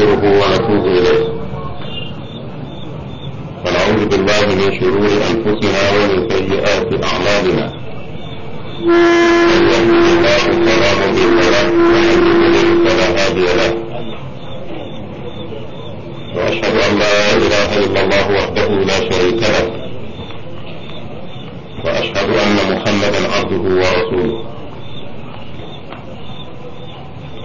نستغفره ونتوب إليه ونعوذ بالله من شرور أنفسنا ومن سيئات أعمالنا الله وأشهد أن لا إله إلا الله وحده لا شريك له وأشهد أن محمدا عبده ورسوله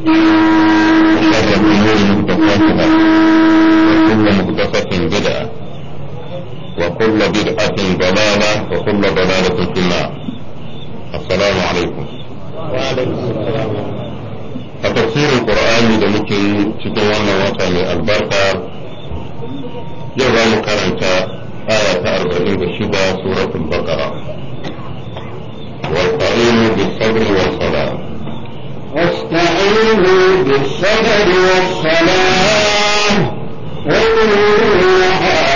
شر الأمور a tafsirin qur'ani da muke cikin wannan wata mai albarka yau za karanta aya ta arba'in da shida suratul bakara. wasta'inu واستعينوا بالصبر والصلاة وإنها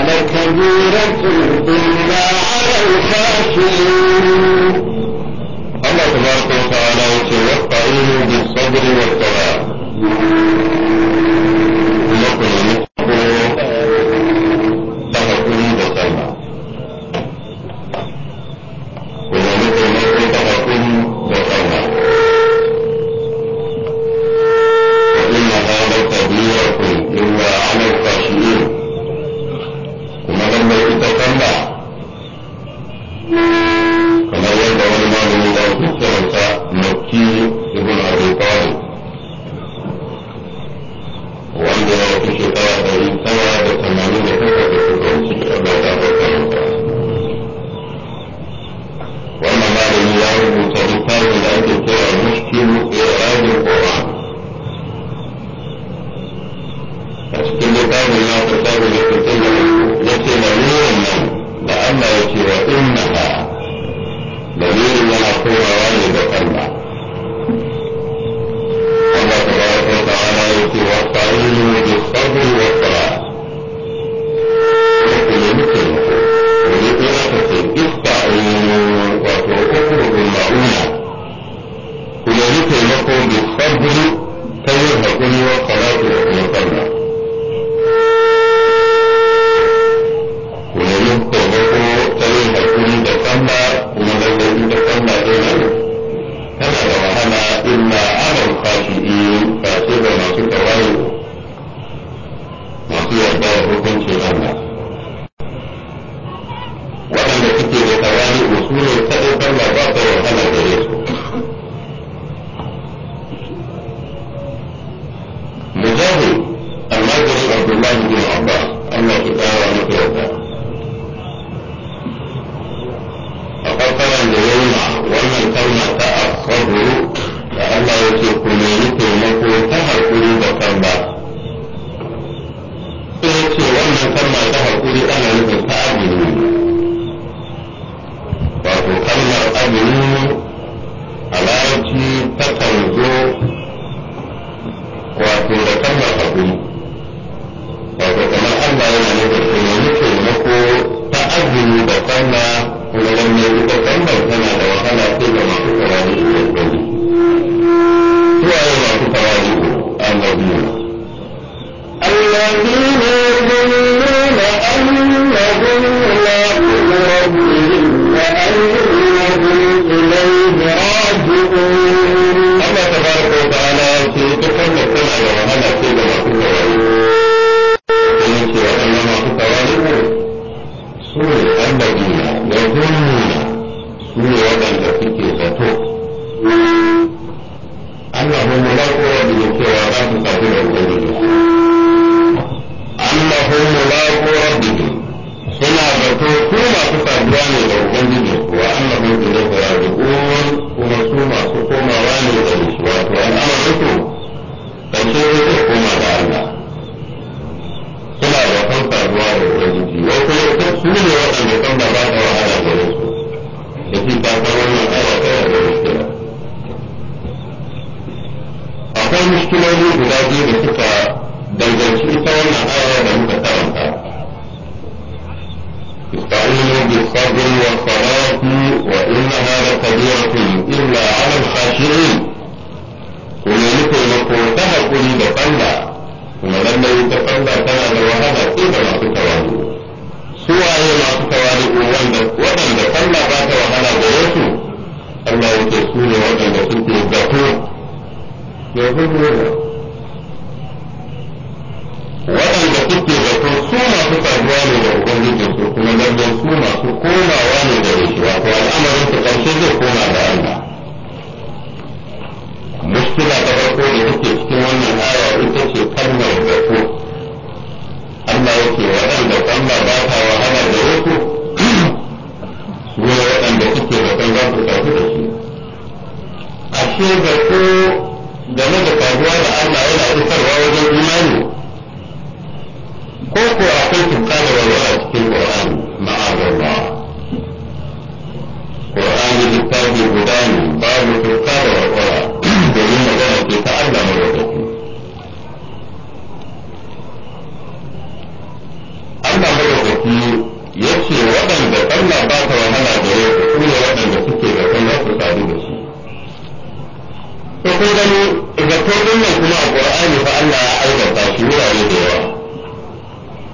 نعم. لكبيرة إلا على الخاسرين الله تبارك وتعالى واستعينوا بالصبر والصلاة ita wannan aya da muka karanta استعينوا بالصبر والصلاة وإنها لكبيرة إلا على الخاشعين قل لكم لكم تهكم بطلع kuma lallai ta tsalla tana da wahala ko da masu tawadu suwaye masu tawadu wanda waɗanda tsalla ba ta wahala da su Allah yake su suke zato waɗanda kuke da to su masu saduwa ne da ubangijin su kuma lalle su masu komawa ne da shi wato al'amarin su ƙarshe zai koma da Allah mushkila ta farko da take cikin wannan aya ita ce kalmar da ko Allah yake waɗanda Allah ba ta wahala da yake su ne waɗanda suke da kan za su da shi ashe da ko game da saduwa da Allah yana isarwa wajen imani ko ko akwai tukana walwala cikin qur'ani ma'azallah qur'ani littafi guda ne babu da walwala domin magana ce ta Allah mai wadatu Allah mai wadatu ya ce waɗanda Allah ba ta wahala da yau su ne waɗanda suke da kan su sadu da shi ko kun gani zaton ɗin kuma a ƙur'ani fa Allah ya aibata shi wurare da yawa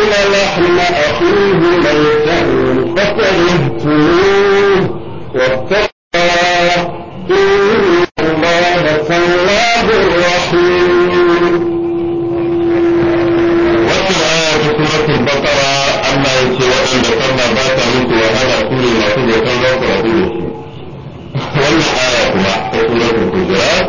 يأكل لحم أخيه ميتا فكرهتموه واتقوا إن الله تواب رحيم سورة البقرة أما يتي وأن ذكرنا بات منك وهذا كل ما تذكر لك وأقول شيء وأن آية كما سورة الحجرات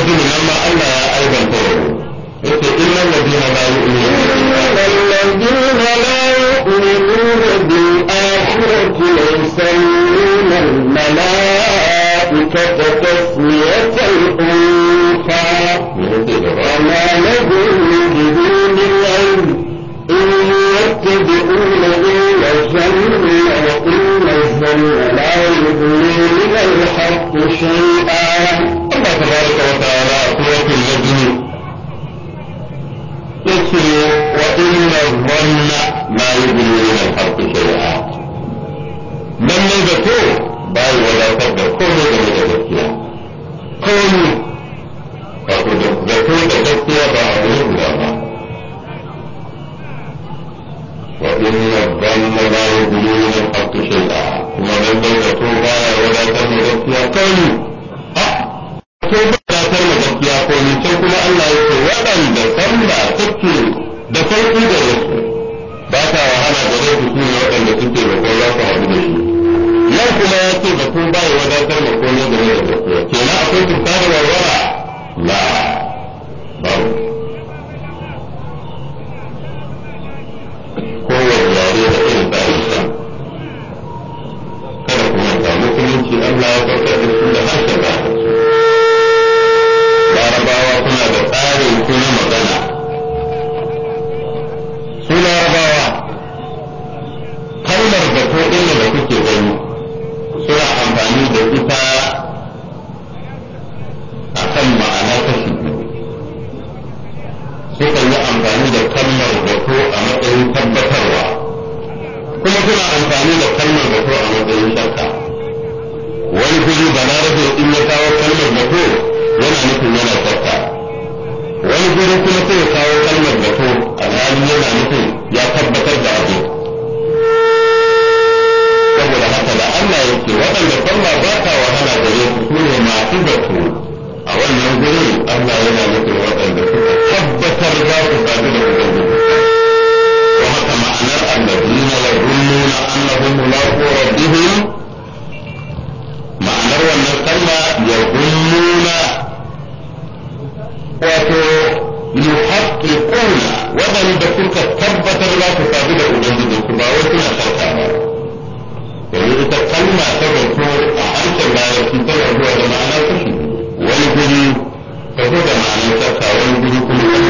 الرجل لما ألا أيضا إلا الذين لا يؤمنون الذين لا يؤمنون بالآخرة يسمون الملائكة تسمية الأنثى وما لهم به العلم إن يتبعون إلا الظن وإن الظن لا يغني من الحق شيئا que kalma ta garko a harshen larabci tana zuwa da ma'ana kashi wani guri ta zo da ma'anar ta wani guri kuma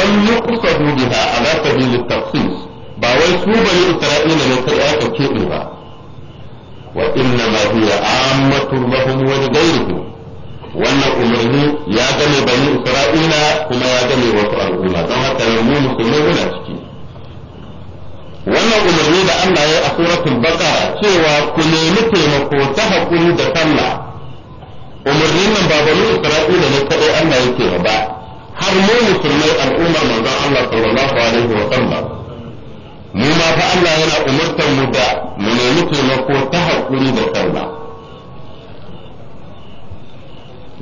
lam yuqsadu biha ala sabil at-tafsis ba wai su bari isra'ila ne kai aka kebe ba inna ma hiya ammatun lahum wa wannan umarni ya game bani isra'ila kuma ya game wasu al'umma don haka yanzu musulmai muna ciki wannan umarni da Allah ya yi a suratul baqara cewa ku nemi taimako ta hakuri da sallah umarnin nan ba bani isra'ila ne kadai Allah yake ba har mu musulmai al'ummar manzon Allah sallallahu alaihi wa sallam mu ma fa Allah yana umurtar mu da mu nemi taimako ta hakuri da sallah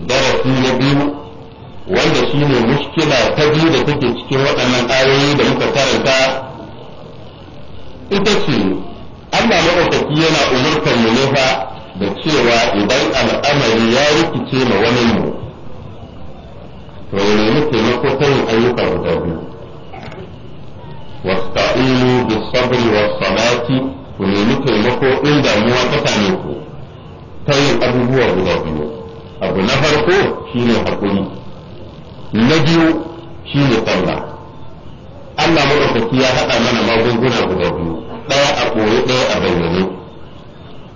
darasi na biyu wanda shi ne muskila, ta biyu da take cikin waɗannan ayoyi da muka karanta ita ce Allah maɗaukaki yana umurtar mu ne fa da cewa idan al'amari ya rikice ma wani mu to ya nemi taimako ta yin ayyuka guda biyu wasta'inu bis sabri was salati ku nemi taimako in damuwa ta same ku ta yin abubuwa guda biyu abu na farko shine hakuri na biyu shine sallah Allah madaukaki ya haɗa mana magunguna guda biyu ɗaya a ɓoye ɗaya a bayyane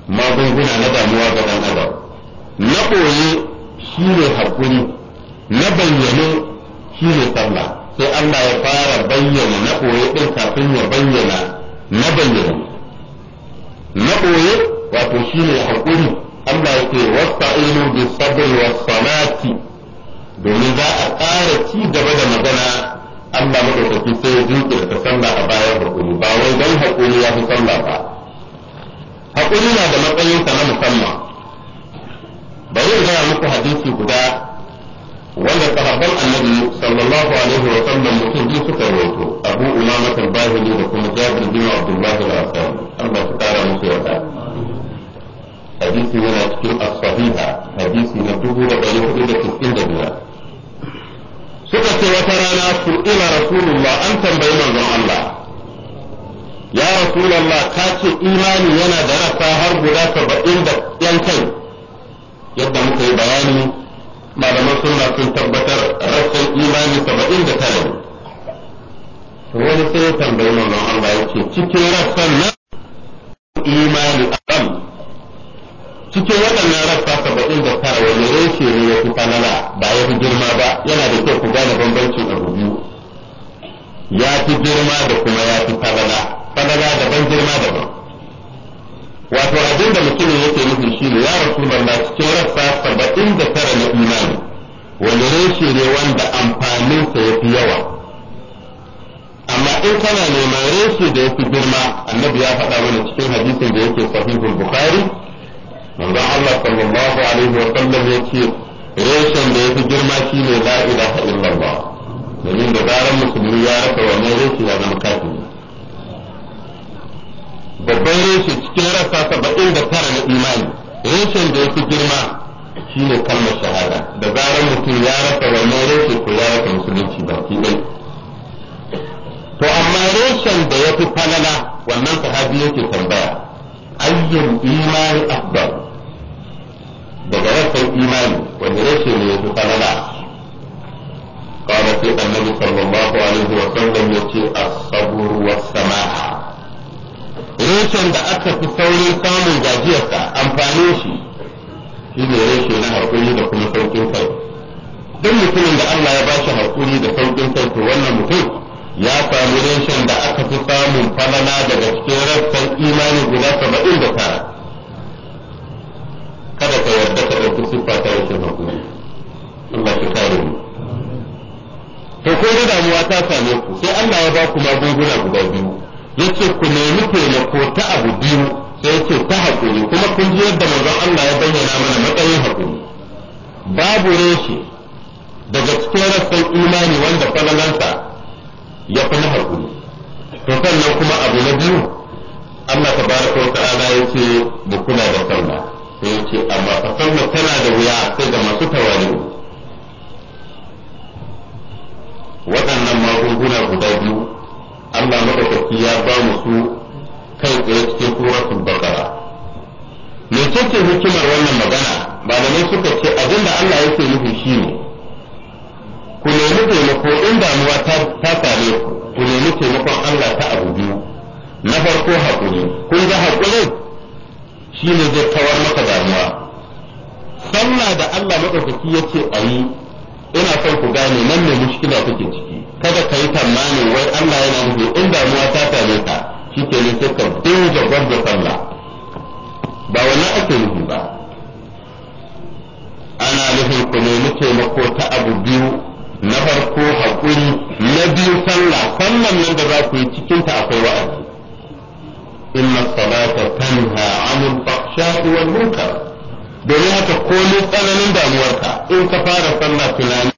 magunguna na damuwa ga ɗan adam na ɓoye shine hakuri na bayyane shi ne sallah sai Allah ya fara bayyana na ɓoye ɗin kafin ya bayyana na bayyana na ɓoye wato shi ne haƙuri Allah ya ce wasta'inu bi sabri wa salati domin za a ƙara ci gaba da magana Allah madaukaki sai ya jinkirta sallah a bayan haƙuri ba wai dan haƙuri ya fi sallah ba haƙuri na da matsayinsa na musamman bari in gaya muku hadisi guda wanda sahabban annabi sallallahu alaihi wa sallam mutum biyu suka rawaito abu umama al-bahili da kuma jabir bin abdullah al-asad Allah ya kara musu yarda hadisi yana cikin as-sahiha hadisi na dubu da ɗari hudu da cikin da biyar suka ce wata rana su ila rasulullah an tambayi manzon Allah ya rasulullah ka ce imani yana da rasa har guda saba'in da yan kai yadda muka yi bayani malaman suna sun tabbatar rashin imani saba'in da tare wani sai tambayi manzon Allah ya ce cikin rassan na imani alam cikin waɗannan rasa saba'in da tara wani reshe ne ya fi falala ba ya fi girma ba yana da kyau ku gane bambancin abu biyu ya fi girma da kuma ya fi falala falala daban girma daban wato abin da mutumin yake nufi shi ne ya rasulullah cikin rassa saba'in da tara na imani wani reshe ne wanda amfaninsa ya fi yawa amma in kana neman reshe da ya fi girma annabi ya faɗa mana cikin hadisin da yake sahihul bukhari manzon Allah sallallahu alaihi wa sallam ce, reshen da ya fi girma shine la ilaha illallah domin da zaran musulmi ya rasa wannan reshe ya zama kafiri babban reshe cikin rasa saba'in da tara na imani reshen da ya fi girma shine kalmar shahada da zarar mutum ya rasa wannan reshe ko ya rasa musulunci baki ɗaya to amma reshen da ya fi falala wannan sahabi yake tambaya ayyul imani afdal daga rasan imani wanda reshe ne ya fi falala قال في النبي صلى الله عليه وسلم يأتي الصبر والسماحة reshen da aka fi saurin samun gajiyarsa amfanin shi shi ne reshe na haƙuri da kuma sauƙin kai duk mutumin da Allah ya bashi haƙuri da saukin kai to wannan mutum ya samu reshen da aka fi samun falala daga cikin rassan imani guda saba'in da tara kada ka yarda ka ɗauki siffa ta rashin haƙuri Allah shi kare mu to ko da damuwa ta same ku sai Allah ya ba ku magunguna guda biyu yace ku nemi taimako ta abu biyu sai yace ta hakuri kuma kun ji yadda manzon Allah ya bayyana mana matsayin hakuri babu reshe daga cikin rassan imani wanda falalansa ya fi na hakuri to sannan kuma abu na biyu Allah ta wa ta'ala yace ya ce da sallah sai ce amma ta sallah tana da wuya sai da masu tawali'u waɗannan magunguna guda biyu Allah madaukaki ya ba mu su kai tsaye cikin suratul baqara me ce hikimar wannan magana malamai suka ce abinda Allah yake nufi shine ku nemi taimako in damuwa ta same ku ku nemi taimakon Allah ta abu biyu na farko haƙuri kun ga hakuri shine zai kawar maka damuwa sallah da Allah madaukaki yace ayi ina son ku gane nan ne mushkila take ciki kada ka yi tsammanin wai Allah yana nufi in damuwa ta same ka shi ke nan sai ka dinga gwamza sallah ba wani ake nufi ba ana nufin ku nemi taimako ta abu biyu na farko haƙuri na biyu sallah sannan nan da za ku yi cikinta akwai wa'azi inna salata tanha anil fahsha'i wal munkar domin haka ko ni tsananin damuwarka in ka fara sallah tunani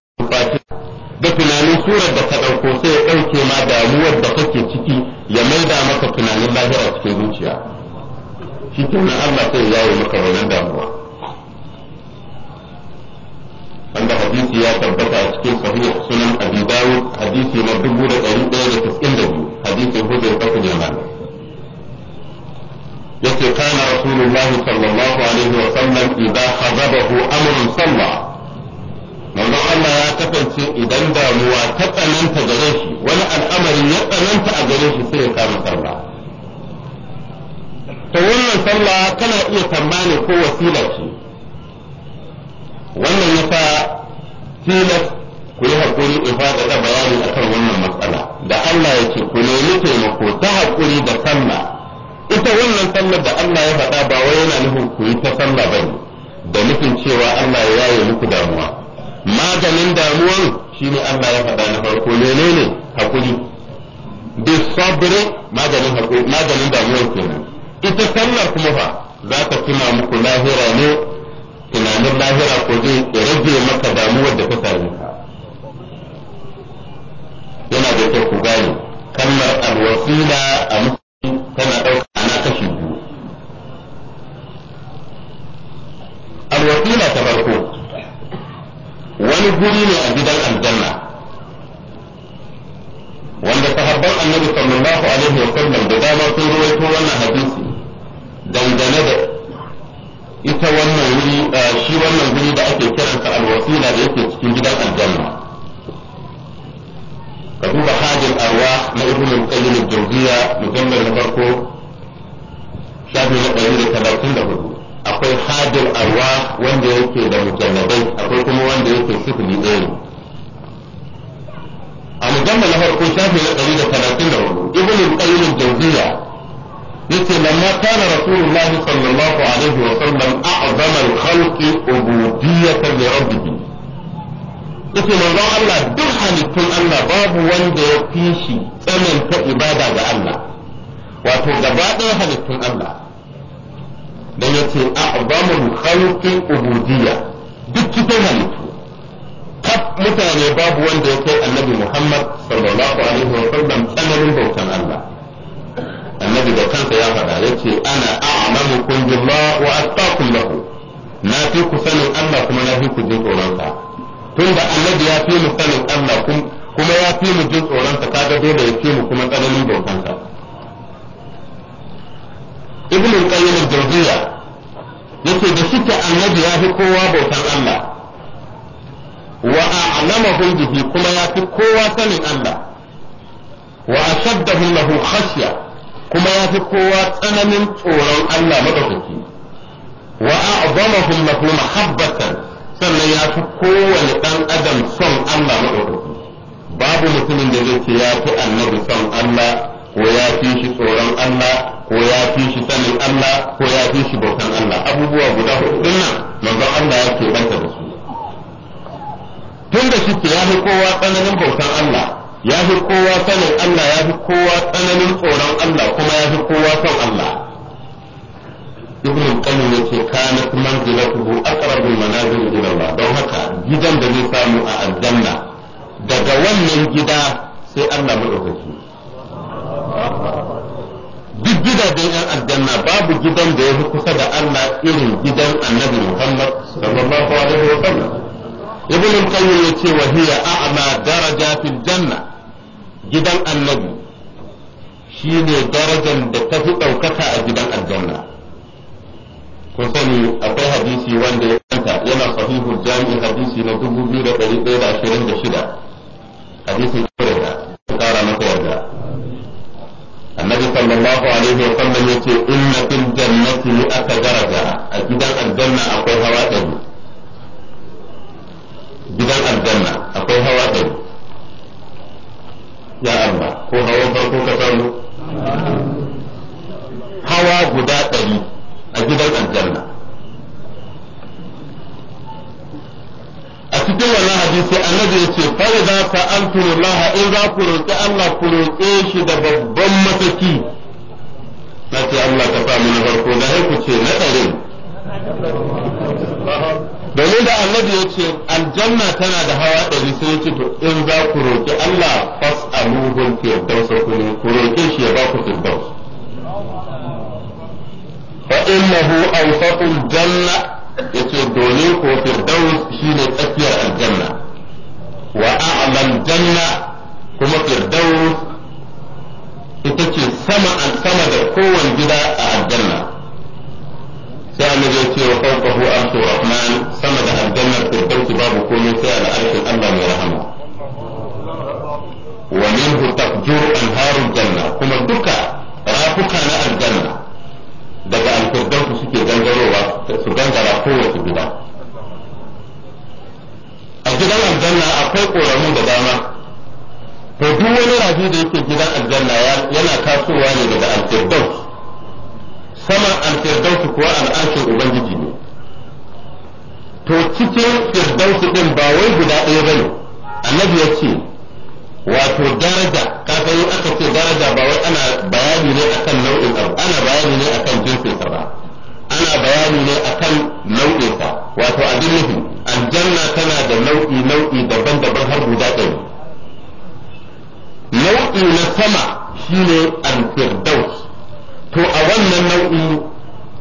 da tunanin surar da ka ɗauko sai ya ɗauke ma damuwar da kake ciki ya maida maka tunanin lahira cikin zuciya shi kenan Allah sai ya yi maka wannan damuwa wanda hadisi ya tabbata a cikin sahih sunan Abi Dawud hadisi na 1192 hadisi Hudayr bin Yaman yace kana rasulullahi sallallahu alaihi wa sallam idan khadabahu amrun sallah manzo Allah ya kasance idan damuwa ta tsananta gare shi wani al'amari ya tsananta a gare shi sai ya kama sallah to wannan sallah kana iya tambani ko wasila ce wannan yasa tilas ku yi haƙuri in faɗaɗa bayani akan wannan matsala da Allah ya ce ku nemi taimako ta haƙuri da sallah ita wannan sallar da Allah ya faɗa ba wai yana nufin ku yi ta sallah bane da nufin cewa Allah ya yaye muku damuwa maganin damuwan ne Allah ya faɗa na farko menene hakuri bi sabri maganin haƙuri maganin damuwan kenan ita sallar kuma fa za ta tuna muku lahira ne tunanin lahira ko zai rage maka damuwar da ta same ka yana da kyau ku gane kalmar alwasila a mutum tana ɗauka ana kashi biyu alwasila ta farko wani guri ne a gidan aljanna wanda sahabban annabi sallallahu alaihi wa sallam da dama sun wannan hadisi dangane da ita wannan wuri shi wannan guri da ake kiransa alwasila da yake cikin gidan aljanna ka duba hajin arwa na ibn al-qayyim al-jawziya mujallal na farko shafi na 134 akwai hadil arwa wanda yake da mujalladai akwai kuma wanda yake sifili ɗaya ne a mujallar na farko shafi na ɗari da talatin da hudu ibn qayyim jawziya yace lamma kana rasulullah sallallahu alaihi wa sallam a'zama al-khalqi ubudiyyatan li rabbih yace manzon Allah duk halittun Allah babu wanda ya fi shi tsananta ibada ga Allah wato gaba ɗaya halittun Allah dan yace a'zamu khalqi ubudiyya duk cikin halittu kaf mutane babu wanda ya kai annabi Muhammad sallallahu alaihi wa sallam tsananin bautan Allah annabi da kansa ya faɗa ce ana a'lamukum billah wa attaqu lahu na fi ku sanin Allah kuma na fi ku jin tsoronsa tun da annabi ya fi mu sanin Allah kuma ya fi mu jin tsoronsa kaga dole ya fi mu kuma tsananin bautansa ibn al-qayyim al-jawziyya yake da suke annabi ya fi kowa bautan Allah wa a'lamahu bihi kuma ya fi kowa sanin Allah wa ashaddahu lahu khashya kuma ya fi kowa tsananin tsoron Allah madaukaki wa a'zamahum lahu mahabbatan sannan ya fi kowane dan adam son Allah madaukaki babu mutumin da zai ce ya fi annabi son Allah ko ya fi shi tsoron Allah ko ya fi shi sanin Allah ko ya fi shi bautan Allah abubuwa guda hudu din nan manzon Allah ya ke banta da su tun da shi ya fi kowa tsananin bautan Allah ya fi kowa sanin Allah ya fi kowa tsananin tsoron Allah kuma ya fi kowa son Allah ibn qayyim yace kanat manzilatuhu aqrabu manazil ila Allah don haka gidan da zai samu a aljanna daga wannan gida sai Allah madaukaki duk gidajen yan aljanna babu gidan da ya fi kusa da Allah irin gidan annabi Muhammad sallallahu alaihi wa sallam ibn al-qayyim yace wa hiya a'ma daraja fil janna gidan annabi shine darajar da ta fi ɗaukaka a gidan aljanna kun sani akwai hadisi wanda ya kanta yana sahihu jami'i hadisi na 2126 hadisin kare da kara maka yarda annabi sallallahu alaihi wa sallam yace inna fil jannati mi'ata daraja a gidan aljanna akwai hawa ɗari gidan aljanna akwai hawa ɗari ya Allah ko hawa farko ka samu hawa guda ɗari a gidan aljanna cikin wannan hadisi annabi ya ce fa idza Allah in za ku roki Allah ku roke shi da babban mataki na ce Allah ta fa mun farko da ku ce na dare domin da annabi ya ce aljanna tana da hawa ɗari sai ya ce to in za ku roki Allah fas'aluhul firdaus ku roke shi ya ba ku firdaus fa innahu awsatul janna yace dole ko firdaus shine tsakiyar aljanna wa a'lam janna kuma firdaus ita ce sama an sama da kowane gida a aljanna sai an ya ce wa fawqahu arshu rahman sama da Aljanna firdaus babu komai sai al'arshin Allah mai rahama wa minhu taqjur janna kuma duka rafuka na aljanna daga alfirdaus suke gangarowa su gangara kowace gida a gidan aljanna akwai ƙoramu da dama to duk wani rafi da yake gidan aljanna yana tasowa ne daga alfirdaus saman alfirdaus kuwa al'arshin ubangiji ne to cikin firdaus ɗin ba wai guda ɗaya ba ne annabi ya ce wato daraja kafin aka ce daraja ba wai ana bayani ne akan nau'in ana bayani ne akan jinsin ba ana bayani ne akan nau'insa wato abin nufin aljanna tana da nau'i nau'i daban-daban har guda ɗaya nau'i na sama shine al-firdaus to a wannan nau'i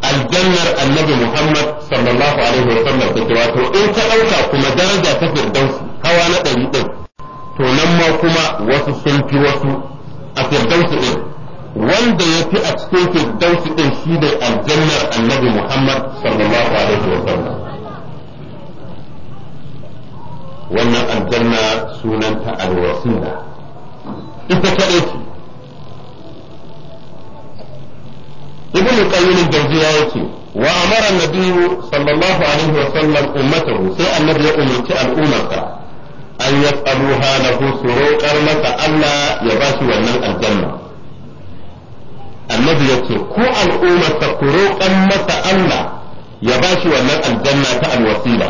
aljannar annabi muhammad sallallahu alaihi wa sallam ke wato in ka ɗauka kuma daraja ta firdaus hawa na ɗari ɗin to nan ma kuma wasu sun fi wasu a firdaus ɗin wanda ya fi a cikin firdausi ɗin shi ne aljannar annabi Muhammad sallallahu alaihi wa sallam wannan aljanna sunanta alwasila ita kaɗai ce ibn qayyim al-jawziya yace wa amara an-nabiy sallallahu alaihi wa sallam ummatahu sai annabi ya umarci al'ummarsa an yas'aluha lahu suruqar masa Allah ya bashi wannan aljanna annabi ya ce ko al'ummarsa ku roƙan masa Allah ya ba shi wannan aljanna ta alwasila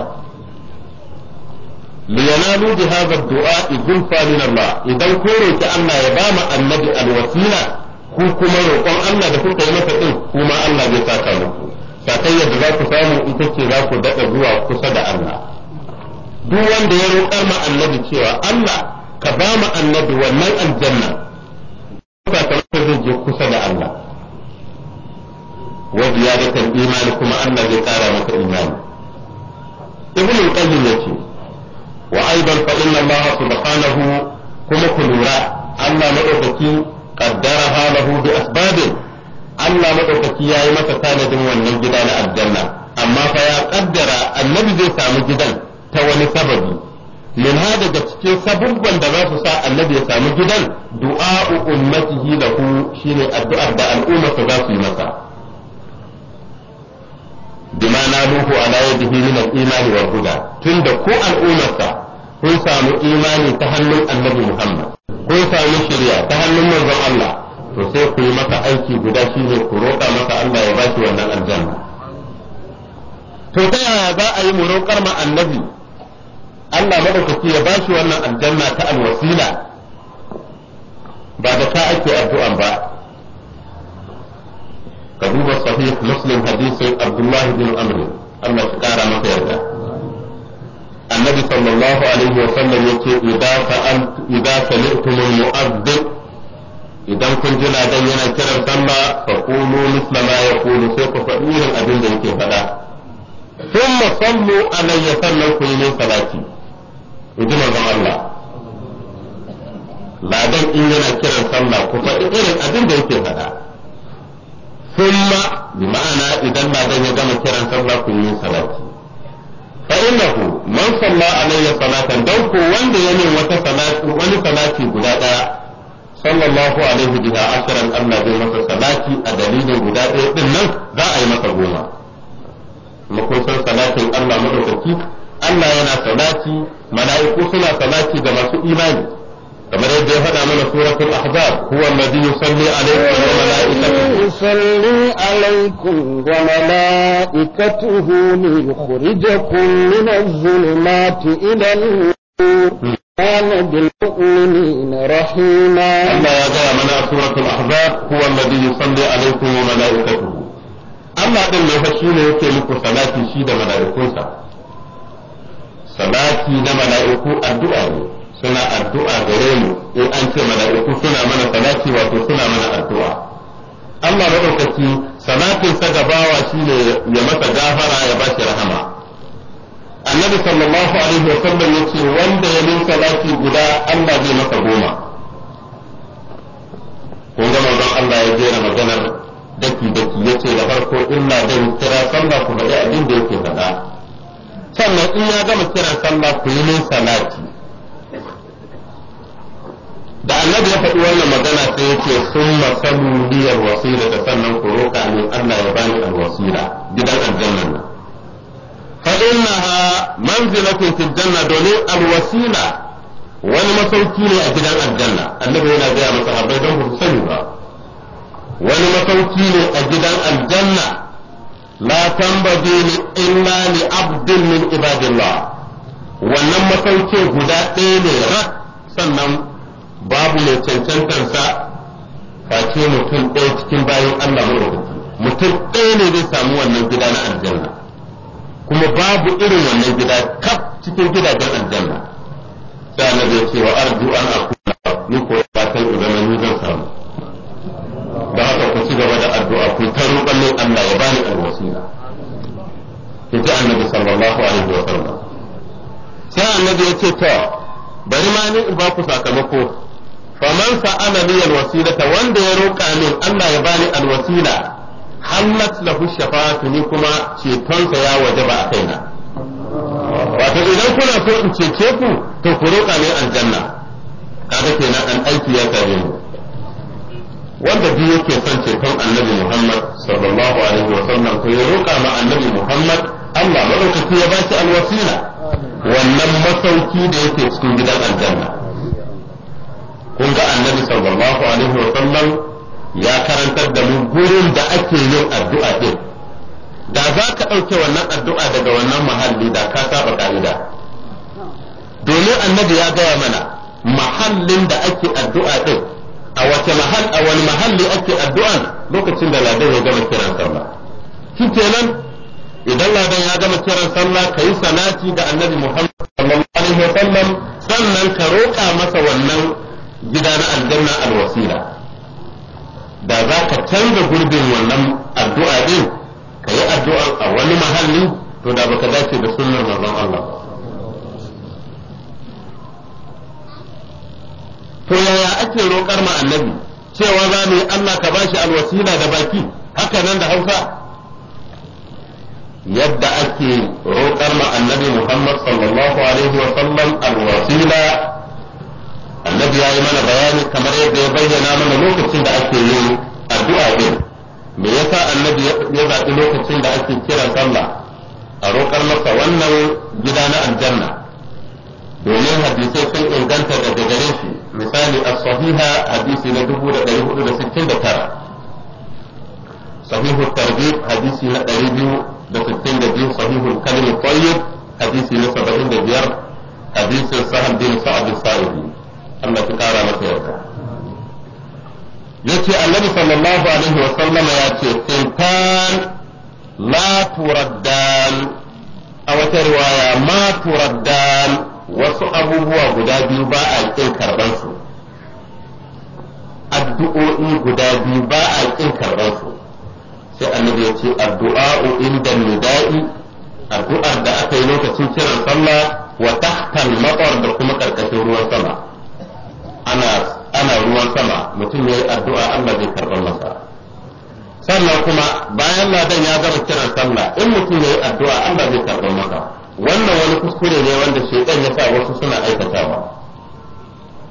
liyanalu bi hadha ad-du'a zulfa min Allah idan ko roki Allah ya ba mu annabi alwasila ku kuma roƙon Allah da kuka yi masa din kuma Allah zai saka muku sakayyar yadda za ku samu ita ce za ku daɗa zuwa kusa da Allah duk wanda ya roƙar ma annabi cewa Allah ka ba mu annabi wannan aljanna ba kamar zai je kusa da Allah ya ziyadatul imani kuma Allah zai kara maka imani ibn al-qayyim yace wa aidan fa inna Allah subhanahu kuma ku lura Allah madaukaki qaddara halahu bi asbabin Allah madaukaki yayi masa tanadin wannan gida na aljanna amma fa ya kaddara annabi zai samu gidan ta wani sababi min hada da cikin sabubban da za su sa annabi ya samu gidan du'a'u ummatihi lahu shine addu'ar da al'ummarsa za su yi masa bima naluhu ala yadihi min al-imani wal huda tunda ko al'ummarsa kun samu imani ta hannun annabi Muhammad kun samu shirya ta hannun manzon Allah to sai ku yi masa aiki guda shine ku roƙa masa Allah ya baki wannan aljamma? to ta yaya za a yi mu ma annabi Allah madaukaki ya shi wannan aljanna ta alwasila ba da ta ake addu'an ba ka duba sahih muslim hadisin abdullahi bin amr Allah ya kara masa yarda annabi sallallahu alaihi wa sallam yake idan fa'alt idza sami'tum idan kun ji ladan yana kiran sallah fa qulu misla ma yaqulu sai ku faɗi irin abin da yake faɗa thumma sallu alayya sallan ku yi salati in ji Allah ladan in yana kiran sallah kuma irin abin da yake faɗa summa bi ma'ana idan ladan ya gama kiran sallah ku yi salati fa innahu man salla alayya salatan dan ko wanda ya min wata salati wani salati guda daya sallallahu alaihi biha asharan Allah zai masa salati a dalilin guda ɗaya din nan za a yi masa goma kuma kun san salatin Allah madaukaki Allah yana salati mala'iku suna salati ga masu imani kamar yadda ya faɗa mana suratul ahzab huwa alladhi yusalli alaykum wa malaikatuhu yusalli alaykum wa malaikatuhu liyukhrijakum min adh-dhulumati ila an-nur hmm. kana bil mu'minina rahima Allah ya gaya mana suratul ahzab huwa alladhi yusalli alaykum wa malaikatuhu Allah din ne fa shine yake muku salati shi da mala'ikunsa salati na mala'iku addu'a suna addu'a gare mu in an ce mala'iku suna mana salati wato suna mana addu'a Allah madaukaki salatin sa gabawa shine ya masa gafara ya ba shi rahama annabi sallallahu alaihi wa sallam yace wanda ya yi salati guda Allah zai masa goma ko ga manzon Allah ya jera maganar daki daki yace da farko illa da kira sallah ku faɗi abin da yake faɗa sannan in ya gama kiran sallah ku yi min salati da annabi ya faɗi wannan magana sai ya ce sun masalu liyar wasila da sannan ku roƙa ne Allah ya bani alwasila gidan aljanna nan fa innaha manzilatun fil janna domin alwasila wani masauki ne a gidan aljanna annabi yana gaya masa habbai don ku sani ba wani masauki ne a gidan aljanna la tambadi illa li abdin min wannan masauke guda ɗaya ne rak sannan babu mai cancantarsa face mutum ɗaya cikin bayan Allah maɗaukaki mutum ɗaya ne zai samu wannan gida na aljanna kuma babu irin wannan gida kaf cikin gidajen aljanna sai na ya ce wa arju an akuna ni ko fatan idan ni zan samu ci gaba da addu'a ku ta roƙon Allah ya bani alwasila to ji annabi sallallahu alaihi wa sallam sai annabi yace ta bari ma ni in ba ku sakamako faman sa'ala li ta wanda ya roƙa min Allah ya bani alwasila hallat lahu shafa'atu ni kuma cetonsa ya wajaba a kaina wato idan kuna so in cece ku to ku roƙa ni aljanna kaga kenan an aiki ya same mu wanda duk yake son ceton annabi Muhammad sallallahu alaihi wa sallam ko ya roƙa ma annabi Muhammad Allah madaukaki ya bashi alwasila wannan masauki da yake cikin gidan aljanna kun ga annabi sallallahu alaihi wa sallam ya karantar da mu gurin da ake yin addu'a din da za ka ɗauke wannan addu'a daga wannan mahalli da ka saba ka'ida domin annabi ya gaya mana mahallin da ake addu'a din a wace mahal a wani mahalli ake addu'an lokacin da ladan ya gama kiran sallah shi kenan idan ladan ya gama kiran sallah kayi salati ga annabi Muhammad sallallahu alaihi wasallam sannan ka roƙa masa wannan gida na aljanna alwasila da za ka canza gurbin wannan addu'a din ka yi addu'a a wani mahalli to da baka dace da sunnar manzon Allah ba to yaya ake roƙar ma annabi cewa za mu yi Allah ka bashi alwasila da baki haka nan da Hausa yadda ake roƙar ma annabi Muhammad sallallahu alaihi wa sallam alwasila annabi ya yi mana bayani kamar yadda ya bayyana mana lokacin da ake yin addu'a din me yasa annabi ya zaɓi lokacin da ake kiran sallah a roƙar masa wannan gida na aljanna domin hadisai sun inganta daga gare shi misali as-sahiha hadisi na 1469 sahihu targhib hadisi na 262 sahihu tayyib hadisi na 75 hadisi sahal bin sa'd saidi ya kara masa yarda yace annabi sallallahu alaihi wa sallama yace tintan la turaddan a wata riwaya ma turaddan wasu abubuwa guda biyu ba a ƙin karɓarsu. su addu'o'i guda biyu ba a ƙin karɓarsu. su sai annabi ya ce addu'a'u inda nida'i addu'ar da aka yi lokacin kiran sallah wa tahtal matar da kuma karkashin ruwan sama ana ana ruwan sama mutum yayi addu'a Allah zai karɓar masa sannan kuma bayan ladan ya gama kiran sallah in mutum yayi addu'a Allah zai karɓar masa wannan wani kuskure ne wanda shaitan ya sa wasu suna aikatawa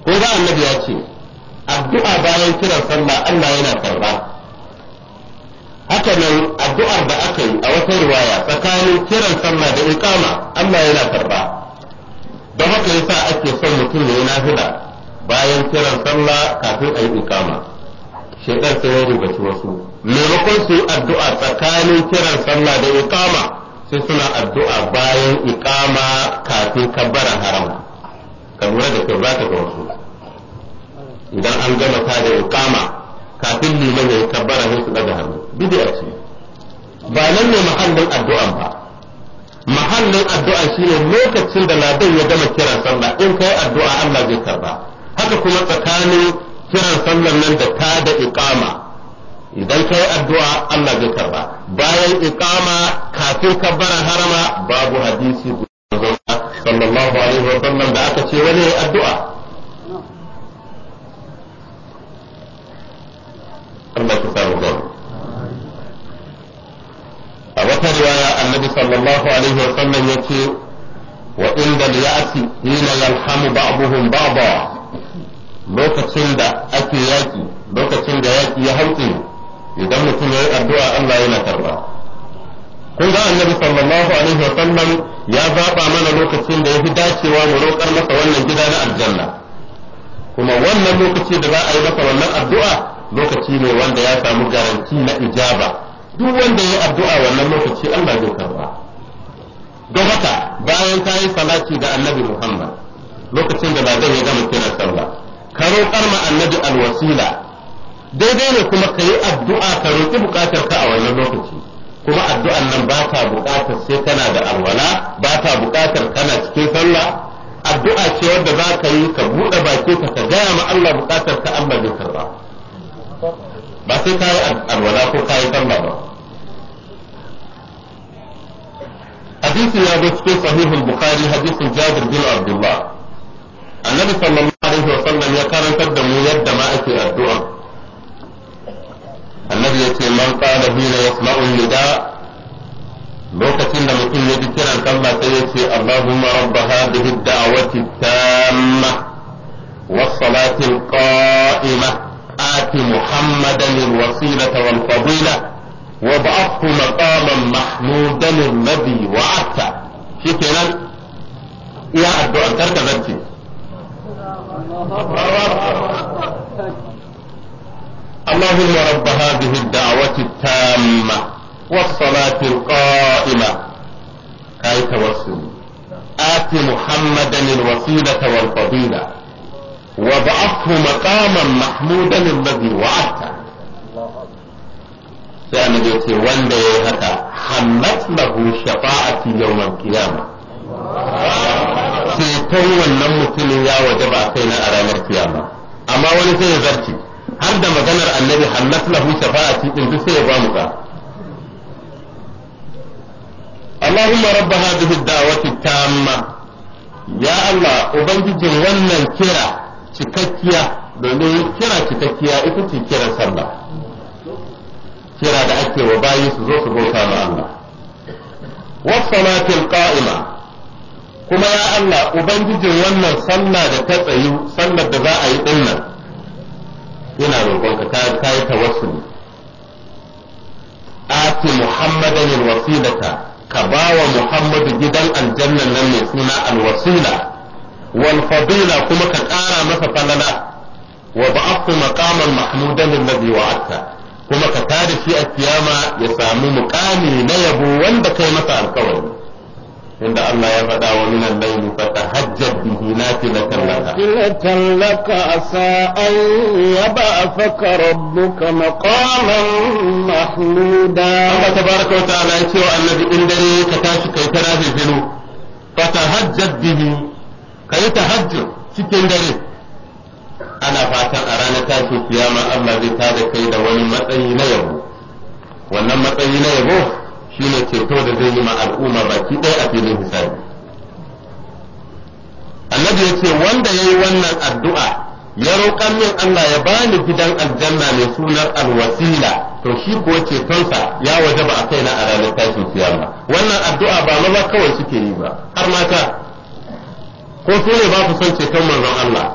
ko za annabi ya ce addu'a bayan kiran sallah Allah yana karba haka nan addu'ar da aka yi a wata riwaya tsakanin kiran sallah da iqama Allah yana karba don haka yasa ake son mutum ya yi nafila bayan kiran sallah kafin a yi iqama shaitan sai ya rubuta wasu maimakon su addu'a tsakanin kiran sallah da iqama sai suna addu'a bayan iqama kafin kabbaran haram ka lura da kyau zaka ga wasu idan an gama ta da iqama kafin liman ya kabbara sai su daga hannu bid'a ce ba nan ne mahallin addu'an ba mahallin addu'a shine lokacin da ladan ya gama kiran sallah in kai addu'a Allah zai karba haka kuma tsakanin kiran sallar nan da ta da iqama idan kai addu'a Allah zai karba bayan iqama kafin kabbara harama babu hadisi sallallahu alaihi wa sallam da aka ce wani addu'a Allah ka samu gani a wata riwaya annabi sallallahu alaihi wa sallam ce wa inda ya'si hina yalhamu ba'dhum ba'dha lokacin da ake yaki lokacin da yaki ya hautsi idan mutum ya yi addu'a Allah yana karba kun ga annabi sallallahu alaihi wa sallam ya zaba mana lokacin da ya fi dacewa mu roƙar masa wannan gida na aljanna kuma wannan lokaci da za a yi masa wannan addu'a lokaci ne wanda ya samu garanti na ijaba duk wanda ya yi addu'a wannan lokaci Allah zai karba don haka bayan ka yi salati ga annabi Muhammad lokacin da ba zai ya gama kira sallah ka roƙar ma annabi alwasila daidai ne kuma ka yi addu'a ka roƙi buƙatar ka a wannan lokaci kuma addu'an nan ba ta buƙatar sai kana da alwala ba ta buƙatar kana cikin sallah addu'a ce wadda za ka yi ka buɗe baki ka ka gaya ma Allah buƙatar ka Allah zai karba ba sai ka yi alwala ko ka yi sallah ba hadisi ya zo cikin sahihul bukhari hadisin jabir bin abdullah annabi sallallahu alaihi wa sallam ya karantar da mu yadda ma ake addu'a النبي يتي من قال هنا يسمع النداء لوكتين لمتين يدتين أن تم تيتي اللهم رب هذه الدعوة التامة والصلاة القائمة آت محمدا الوسيلة والفضيلة وابعثه مقاما محمودا الذي وعدته شكرا يا أدعو أن تركب اللهم رب هذه الدعوة التامة والصلاة القائمة أي توسل آت محمدا الوسيلة والفضيلة وضعته مقاما محمودا الذي وعدته سأنا جيسي وان هتا حمت له شفاعة يوم القيامة سيطول نمو تنيا وجبع وجبعتين أرامر القيامة أما ولي سيزرتي har da maganar annabi hallat lahu shafa'ati din duk sai ya ba mu ka Allahumma rabba hadhihi ad-da'wati tamma ya Allah ubangijin wannan kira cikakkiya domin kira cikakkiya ita ce kira sallah kira da ake wa bayi su zo su bauta ma Allah wasalatil qa'ima kuma ya Allah ubangijin wannan sallah da ta tsayu sallar da za a yi dinnan yana roƙonka ka kai tawassuli ati muhammadan alwasilata ka ba wa muhammadu gidan aljannan nan mai suna alwasila wal fadila kuma ka ƙara masa falala wa ba'athu maqaman mahmudan alladhi wa'adta kuma ka tada shi a kiyama ya samu muqami na yabo wanda kai masa alƙawari عند الله يفدى ومن الليل فتهجد به نافلة لك نافلة لك عسى أن يبعثك ربك مقاما محمودا الله تبارك وتعالى يتوى الذي إن دري كتاش كي تنافي فلو فتهجد به كي تهجد cikin dare ana fatan a ranar tashin kiyama Allah zai tada kai da wani matsayi na yabo wannan matsayi na yabo Shi ne ceto da zai yi ma al'umma baki ɗaya a filin hisabi annabi ya ce wanda ya yi wannan addu'a ya roƙan min Allah ya bani gidan aljanna mai sunar alwasila to shi kuwa cetonsa ya waje ba a kai na a ranar tashin kiyama wannan addu'a ba maza kawai suke yi ba har mata ko su ne ba su son ceton manzon Allah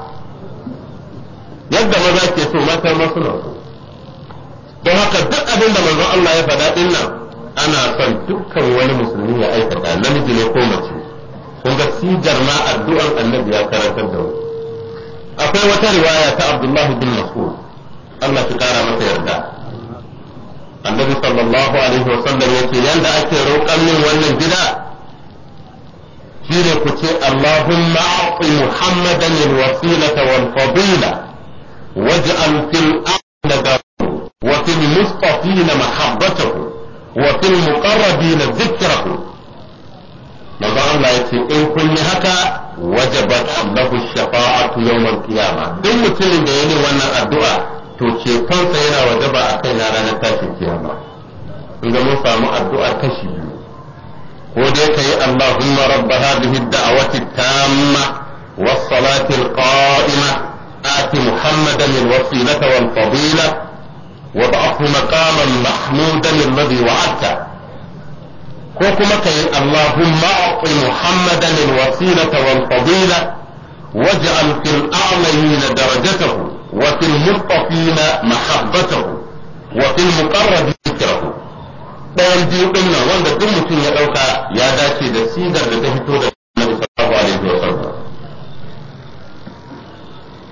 yadda maza ke so mata ma suna don haka duk abin da manzon Allah ya faɗa ɗin nan ana son dukkan wani musulmi ya aikata namiji ne ko mace kun ga sigar ma addu'ar annabi ya karantar da mu akwai wata riwaya ta abdullahi bin mas'ud Allah shi kara masa yarda annabi sallallahu alaihi wa sallam yace yanda ake raukan min wannan gida shine ku ce Allahumma a'ti Muhammadan al-wasilata wal fadila waj'al fil a'la wa fil mustafina mahabbatahu wa fil muqarrabina dhikrahu manzo Allah ya ce in kun yi haka wajabat lahu shafa'atu yawmal qiyama duk mutumin da ya yayi wannan addu'a to cetonsa yana yana ba a kai na ranar tashin kiyama in ga mun samu addu'ar kashi biyu ko dai kai Allahumma rabb hadhihi ad-da'wati tamma was-salati al-qa'ima ati Muhammadan al-wasilata wal-fadila وضعه مقاما محمودا الذي وعدته كوكما كي اللهم اعط محمدا الوسيلة والفضيلة واجعل في الاعلين درجته وفي المتقين محبته وفي المقرب ذكره ɗayan دي قلنا nan wanda duk mutum ya ɗauka ya dace da sigar da ta fito da Annabi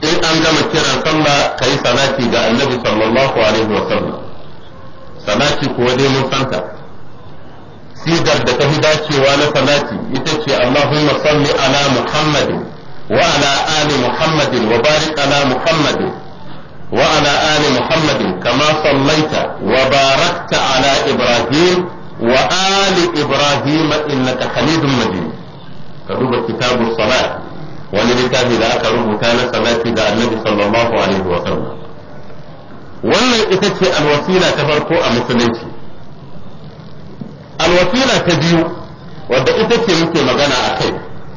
in an gama kiran sallah ka yi salati ga annabi sallallahu alaihi wa sallam salati kuwa dai mun ta sigar da ta fi dacewa na salati ita ce allahumma salli ala muhammadin wa ala ali muhammadin wa barik ala muhammadin wa ala ali muhammadin kama sallaita wa barakta ala ibrahim wa ali ibrahim innaka hamidun majid ka duba kitabun salat wani littafi da aka rubuta na salati da annabi sallallahu alaihi wa sallam wannan ita ce alwasila ta farko a musulunci alwasila ta biyu wadda ita ce muke magana a kai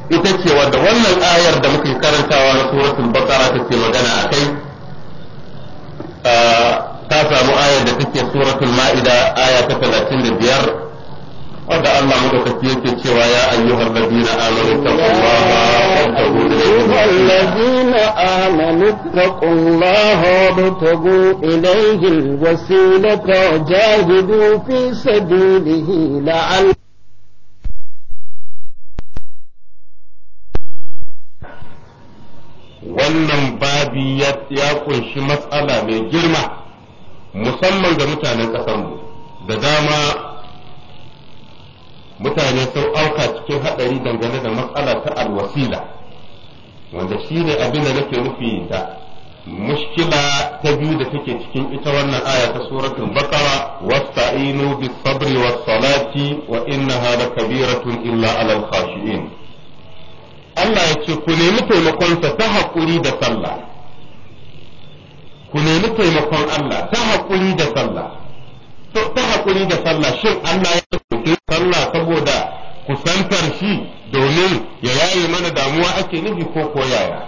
ita ce wadda wannan ayar da muke karantawa na suratul baqara ce magana a kai ah, ta samu ayar da take suratul ma'ida aya ta 35 wanda Allah madaukaki yake cewa ya ayyuhal ladina amanu taqullaha الذين آمنوا اتقوا الله وابتغوا إليه الوسيلة وجاهدوا wannan babi ya kunshi matsala mai girma musamman ga mutanen ƙasarmu da dama mutane sun auka cikin haɗari dangane da matsala ta alwasila wanda shi ne abin da nake nufi da mushkila ta biyu da take cikin ita wannan aya ta suratul baqara wasta'inu bis sabri was salati wa innaha lakabiratun illa alal khashi'in Allah ya ce ku nemi taimakonsa ta haƙuri da sallah ku nemi taimakon Allah ta haƙuri da sallah ta haƙuri da sallah shin Allah ya ke sallah saboda kusantar shi domin ya yaye mana damuwa ake nufi ko koyaya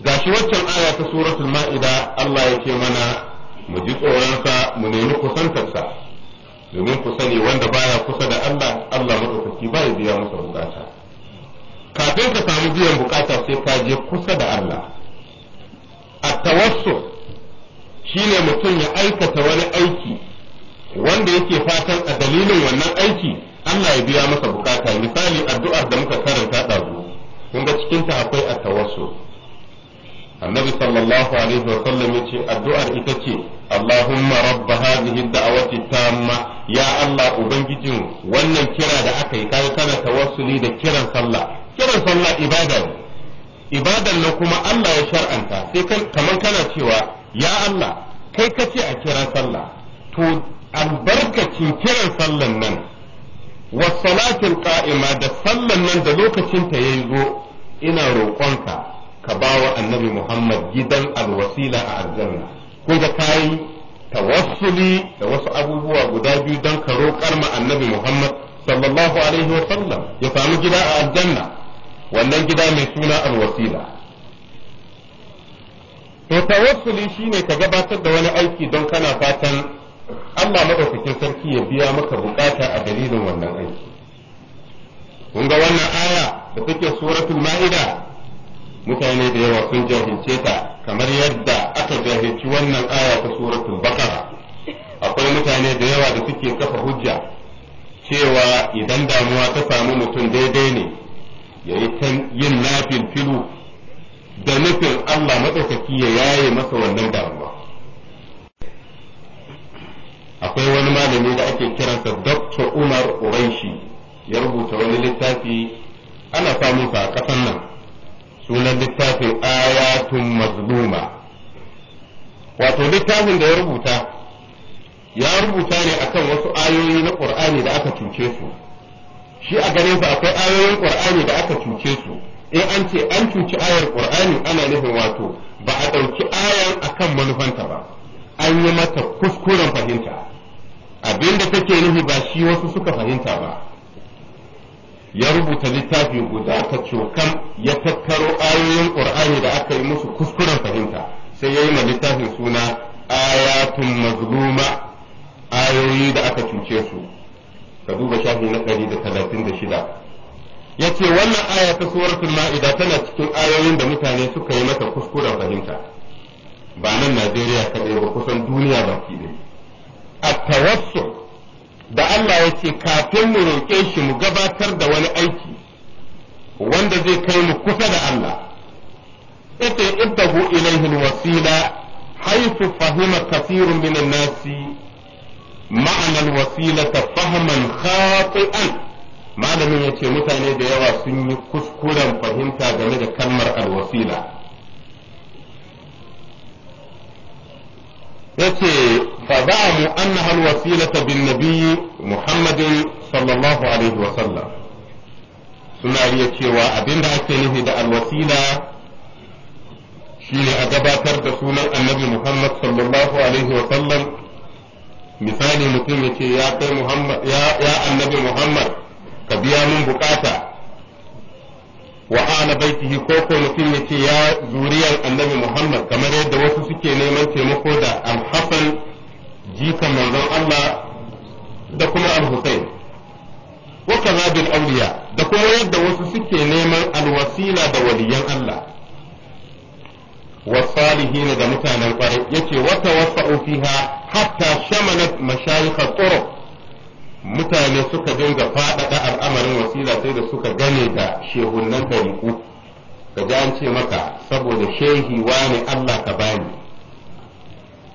Ga shi waccan aya ta suratul ma'ida Allah ya ce mana mu ji tsoronsa mu nemi kusantarsa domin ku sani wanda baya kusa da Allah Allah madaukaki baya biya masa bukata kafin ka samu biyan bukata sai ka je kusa da Allah at-tawassul shine mutum ya aikata wani aiki wanda yake fatan a dalilin wannan aiki Allah ya biya masa bukata misali addu'ar da muka karanta ɗazu kun ga cikin ta akwai atawassul annabi sallallahu alaihi wa sallam ce, addu'ar ita ce Allahumma rabb hadhihi da'awati tamma ya Allah ubangijin wannan kira da aka yi kai kana tawassuli da kiran sallah kiran sallah ibada ne ibadan nan kuma Allah ya shar'anta sai kamar kana cewa ya Allah kai kace a kiran sallah to albarkacin kiran sallan nan wasalatin ƙa'ima da sallan nan da lokacinta ya zo ina roƙonka ka ba wa annabi Muhammad gidan alwasila a aljanna ko ga kayi tawassuli da wasu abubuwa guda biyu don ka roƙar ma annabi Muhammad sallallahu alaihi wa sallam ya samu gida a aljanna wannan gida mai suna alwasila to tawassuli shine ka gabatar da wani aiki don kana fatan Allah madaukakin sarki ya biya maka bukata a dalilin wannan aiki kun ga wannan aya da take suratul ma'ida mutane da yawa sun jahilce ta kamar yadda aka jahilci wannan aya ta suratul baqara akwai mutane da yawa da suke kafa hujja cewa idan damuwa ta samu mutum daidai ne ya yi yin nafin filu da nufin Allah maɗaukaki ya yaye masa wannan damuwa akwai wani malami da ake kiransa Dr. Umar Uraishi ya rubuta wani littafi ana samun sa a ƙasar nan sunan littafin ayatun mazluma wato littafin da ya rubuta ya rubuta ne akan wasu ayoyi na ƙur'ani da aka cuce su shi a ganin sa akwai ayoyin ƙur'ani da aka cuce su in an ce an cuci ayar ƙur'ani ana nufin wato ba a ɗauki ayan akan manufanta ba an yi mata kuskuren fahimta abinda take nufi ba shi wasu suka fahimta ba ya rubuta littafi guda ta cokan ya tattaro ayoyin ƙur'ani da aka yi musu kuskuren fahimta sai ya yi ma littafin suna ayatun mazluma ayoyi da aka cuce su ka duba shafi na ɗari da talatin da shida ya ce wannan aya ta suratul ma'ida tana cikin ayoyin da mutane suka yi mata kuskuren fahimta ba nan Najeriya kaɗai ba kusan duniya baki ne. A tawassul da Allah ya ce kafin mu roƙe shi mu gabatar da wani aiki wanda zai kai mu kusa da Allah. Ita ibtahu ilaihin wasila haifu fahimar kathirun min nasi wasila ta fahman khati'an malamin yace mutane da yawa sun yi kuskuren fahimta game da kalmar alwasila yace fa za'amu hal wasilata bin nabiyyi muhammadin sallallahu alaihi wa sallam suna iya cewa abinda ake nufi da alwasila shine a gabatar da sunan annabi muhammad sallallahu alaihi wa sallam misali mutum yace ya kai muhammad ya annabi muhammad ka biya min bukata wa ala baitihi ko ko mutum ya ce ya zuriyar annabi Muhammad kamar yadda wasu suke neman taimako da al-Hasan jikan manzon Allah da kuma al-Husayn wa kaza awliya da kuma yadda wasu suke neman alwasila da waliyan Allah والصالحين da mutanen kwarai yace wata wasa'u fiha hatta shamanat mashayikh turuq mutane suka dinga faɗaɗa al'amarin wasila sai da suka gane da shehunan tariku ka ji an ce maka saboda shehi wani Allah ka bani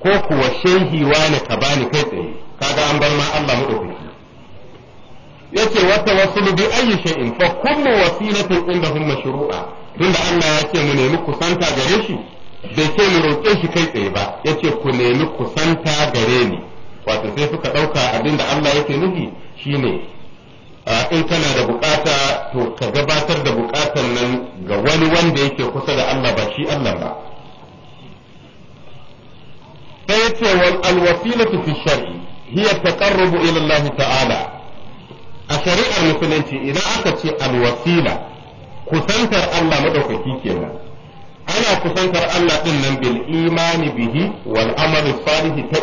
ko kuwa shehi wani ka bani kai tsaye ka ga an bar ma Allah mu maɗaukaki yace wata wasu bi ayi shay'in fa kullu wasilatin indahum mashru'a tunda Allah ya ce mu nemi kusanta gare shi bai ce mu roƙe shi kai tsaye ba yace ku nemi kusanta gare ni wato sai suka ɗauka abin da Allah yake nufi shine in kana da bukata to ka gabatar da bukatar nan ga wani wanda yake kusa da Allah ba shi Allah ba sai ya ce wal alwasilatu fi shar'i hiya taqarrubu ila Allah ta'ala a shari'ar musulunci idan aka ce alwasila kusantar Allah madaukaki kenan ana kusantar Allah din nan bil imani bihi wal amal ta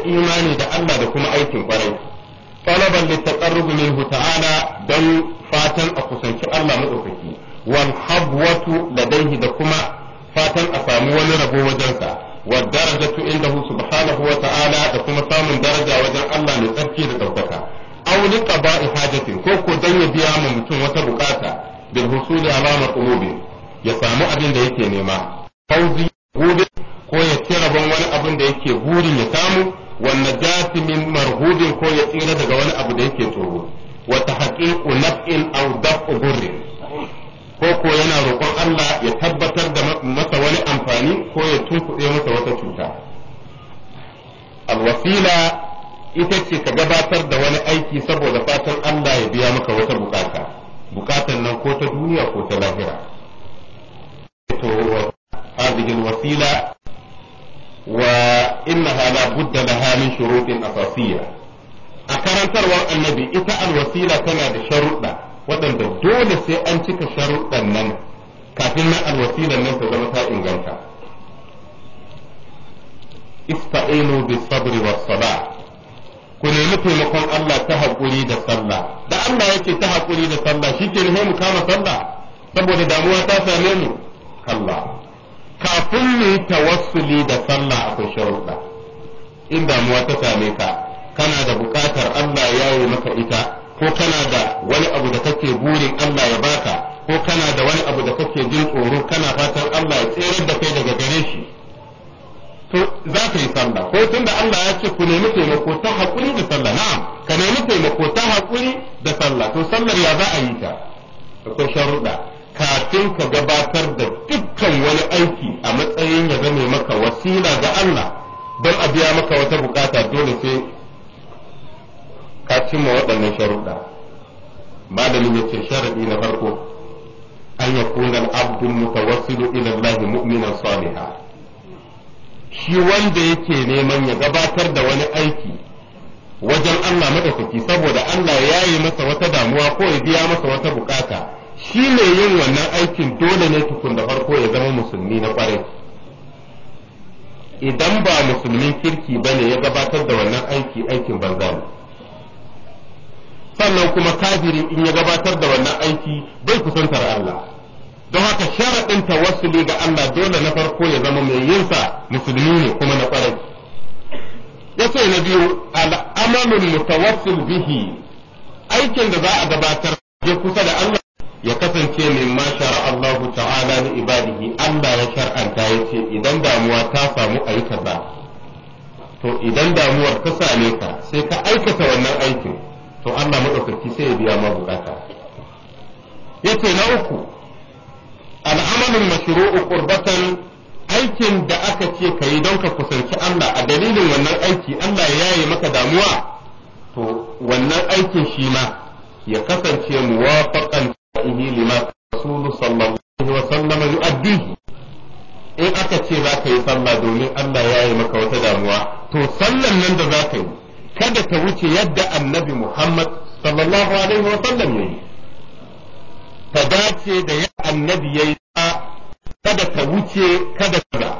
imani da Allah da kuma aikin kwarai talaban litaqarrub minhu ta'ala dan fatan a kusanci Allah madaukaki wal habwatu ladaihi da kuma fatan a samu wani rabo wajensa wa darajatu indahu subhanahu wa ta'ala da kuma samun daraja wajen Allah ne tsarki da daukaka aw li qaba'i hajatin ko ko dan ya biya ma mutum wata bukata bil husuli alama qulubi ya samu abin da yake nema fauzi gobe ko ya ci rabon wani abin da yake burin ya samu wannan jasimin min marhubin ko ya tsira daga wani abu da yake tsoro wata haƙiƙu naf'in aw daf'u ko ko yana roƙon Allah ya tabbatar da masa wani amfani ko ya tunkuɗe masa wata cuta alwasila ita ce ka gabatar da wani aiki saboda fatan Allah ya biya maka wata bukata bukatan nan ko ta duniya ko ta lahira A wasila, هذه الوسيلة وإنها لا بد لها من شروط أساسية أكرنتر ita alwasila tana da sharuɗa, waɗanda dole sai an cika sharuɗan nan kafin na alwasila nan ta zama ta inganta ista'inu bis sabri was ku nemi taimakon Allah ta haƙuri da sallah da Allah ya ce ta haƙuri da sallah shi ke mu kama sallah saboda damuwa ta same mu kalla kafin mu yi tawassuli da sallah akwai sharuɗa in damuwa ta same ka kana da buƙatar Allah ya yi maka ita ko kana da wani abu da kake burin Allah ya baka ko kana da wani abu da kake jin tsoro kana fatan Allah ya tsere da kai daga gare shi to za ka yi sallah ko tunda Allah ya ce ku nemi taimako ta haƙuri da sallah na'am ka nemi taimako ta haƙuri da sallah to sallar ya za a yi ta akwai sharuɗa kafin ka gabatar da dukkan wani aiki a matsayin ya zame maka wasila ga Allah don a biya maka wata bukata dole sai ka cimma waɗannan sharuɗa malamin ya ce sharaɗi na farko an ya kuna muka wasu ila Allah mu'minan saliha shi wanda yake neman ya gabatar da wani aiki wajen Allah madaukaki saboda Allah ya yi masa wata damuwa ko ya biya masa wata bukata shi ne yin wannan aikin dole ne tukun da farko ya zama musulmi na kwarai idan ba musulmin kirki ba ne ya gabatar da wannan aiki aikin banza sannan kuma kafiri in ya gabatar da wannan aiki bai kusantar Allah don haka sharaɗin tawassuli ga Allah dole na farko ya zama mai yinsa musulmi ne kuma na kwarai ce na biyu al'amalin mutawassul bihi aikin da za a gabatar ya kusa da Allah ya kasance ma shara Allahu ta'ala li ibadihi Allah ya shar'anta yace idan damuwa ta samu ayi kaza to idan damuwar ta same ka sai ka aikata wannan aikin to Allah madaukaki sai ya biya ma bukata yace na uku al'amalin mashru'u qurbatan aikin da aka ce ka yi don ka kusanci Allah a dalilin wannan aiki Allah ya yaye maka damuwa to wannan aikin shi ma ya kasance muwafaqan lima rasulullahi sallallahu alaihi wasallam yu'addi in aka ce za ka yi sallah domin Allah ya yi maka wata damuwa to sallan nan da za ka yi kada ta wuce yadda annabi Muhammad sallallahu alaihi wasallam ya yi ta dace da ya annabi ya yi kada ta wuce kada kada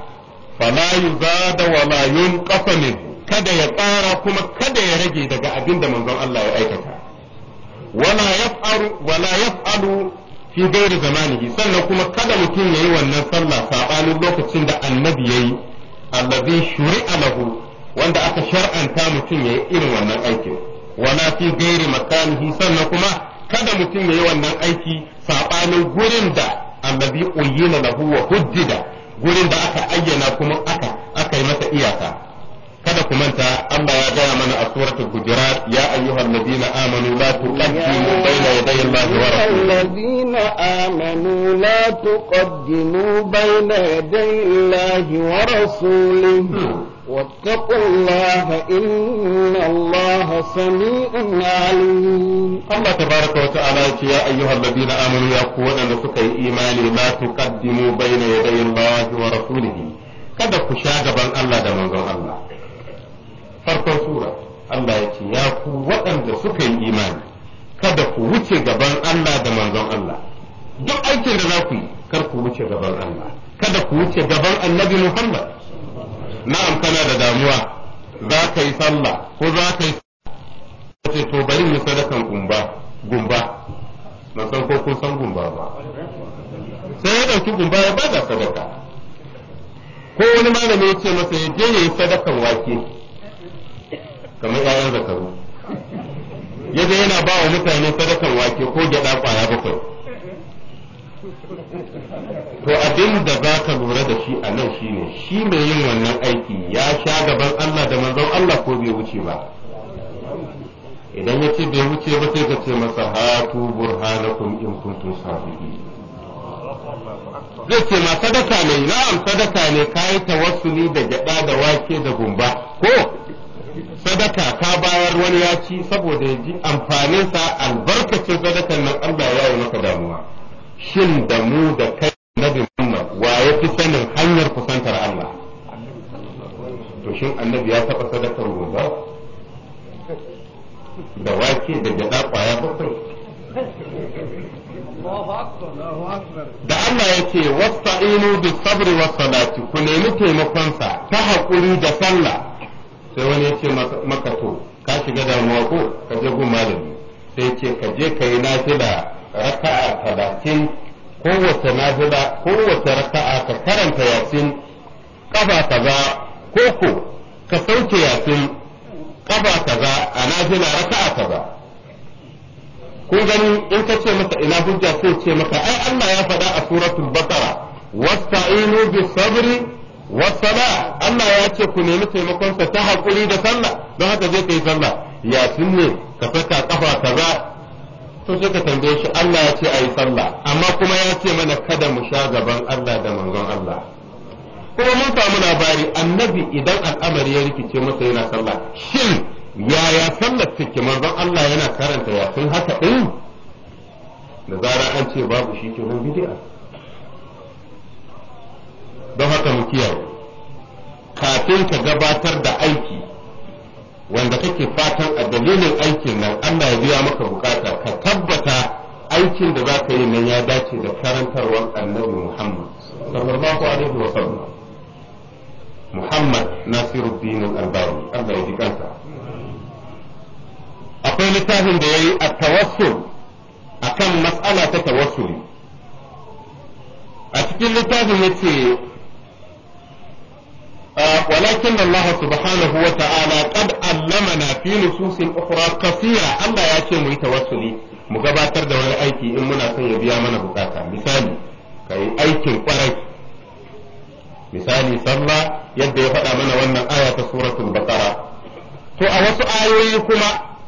fala yuzada wala yunqasa kada ya tsara kuma kada ya rage daga abin da manzon Allah ya aikata wala yaf'alu wala yaf'alu fi ghairi zamanihi sannan kuma kada mutum ya yi wannan sallah sabanin lokacin da annabi yayi allazi shuri'a lahu wanda aka shar'anta mutum ya yi irin wannan aikin wala fi ghairi makanihi sannan kuma kada mutum ya yi wannan aiki sabanin gurin da allazi uyyina lahu wa huddida gurin da aka ayyana kuma aka aka yi masa iyaka kada ku manta Allah ya gaya mana a suratul hujurat ya ayyuhal ladina amanu la tuqaddimu bayna yaday Allahi wa rasulihi ladina amanu la tuqaddimu bayna yaday Allahi wa rasulihi واتقوا الله إن الله سميع عليم الله تبارك وتعالى يا أيها الذين آمنوا يا قوانا لسكي إيماني لا تقدموا بين يدي الله ورسوله kada ku sha gaban Allah da manzon Allah farkon sura Allah ya ce ya ku waɗanda suka yi imani kada ku wuce gaban Allah da manzon Allah duk aikin da za ku yi kar ku wuce gaban Allah kada ku wuce gaban annabi Muhammad na amfana da damuwa za ka yi sallah ko za ka yi ce to bari mu sadakan gumba gumba na san ko kun san gumba ba sai ya dauki gumba ya bada sadaka ko wani malami ya ce masa ya je ya yi sadakan wake kamar ƴaƴan zakaru yaje yana ba wa mutane sadakan wake ko gyaɗa kwaya bakwai to abin da za ka lura da shi a nan shi ne, shi mai yin wannan aiki ya sha gaban Allah da manzon Allah ko bai wuce ba idan ya ce bai wuce ba sai ka ce masa hatu burhanakum in kuntum sadiqin zai ce ma sadaka ne na'am sadaka ne kai tawassuli da gyada da wake da gumba ko wani ya ci saboda ya ji amfaninsa albarkacin sadakan nan Allah ya yi maka damuwa shin da mu da kai nabi Muhammad wa ya fi sanin hanyar kusantar Allah to shin annabi ya taɓa sadakar gobe da wake da gyaɗa ƙwaya da Allah ya ce wasta'inu bi sabri wa salati ku nemi taimakonsa ta haƙuri da sallah sai wani ya ce maka to ka shiga damuwa ko ka je gun malami sai ce ka je ka yi nafila raka'a talatin kowace nafila kowace raka'a ka karanta yasin kafa kaza ko ka sauke yasin kafa kaza a nafila raka'a kaza kun gani in ka ce maka ina hujja sai ce maka ai Allah ya faɗa a suratul baqara wasta'inu bis sabri wasala Allah ya ce ku nemi taimakon sa ta hakuri da sallah don haka zai kai sallah ya ne ka saka kafa kaza to sai ka tambaye shi Allah ya ce a sallah amma kuma ya ce mana kada mu sha gaban Allah da manzon Allah Ko mun samu labari annabi idan al'amari ya rikice masa yana sallah shin yaya sallar take manzon Allah yana karanta yasin haka din da zarar an ce babu shi ke kiran bid'a don haka mu kiyaye kafin ka gabatar da aiki wanda kake fatan a dalilin aikin nan Allah ya biya maka bukata ka tabbata aikin da za ka yi nan ya dace da karantarwar annabi Muhammad sallallahu alaihi wa sallam Muhammad Nasiruddin Al-Albani Allah ya ji kansa akwai littafin da yayi at-tawassul akan mas'ala ta tawassuli a cikin littafin yace subhanahu Allah ولكن الله سبحانه وتعالى قد علمنا في نصوص أخرى كثيرة الله يأتي مي mu gabatar da wani aiki in muna son ya biya mana bukata misali kai aikin kwarai misali sallah yadda ya faɗa mana wannan aya ta suratul baqara to a wasu ayoyi kuma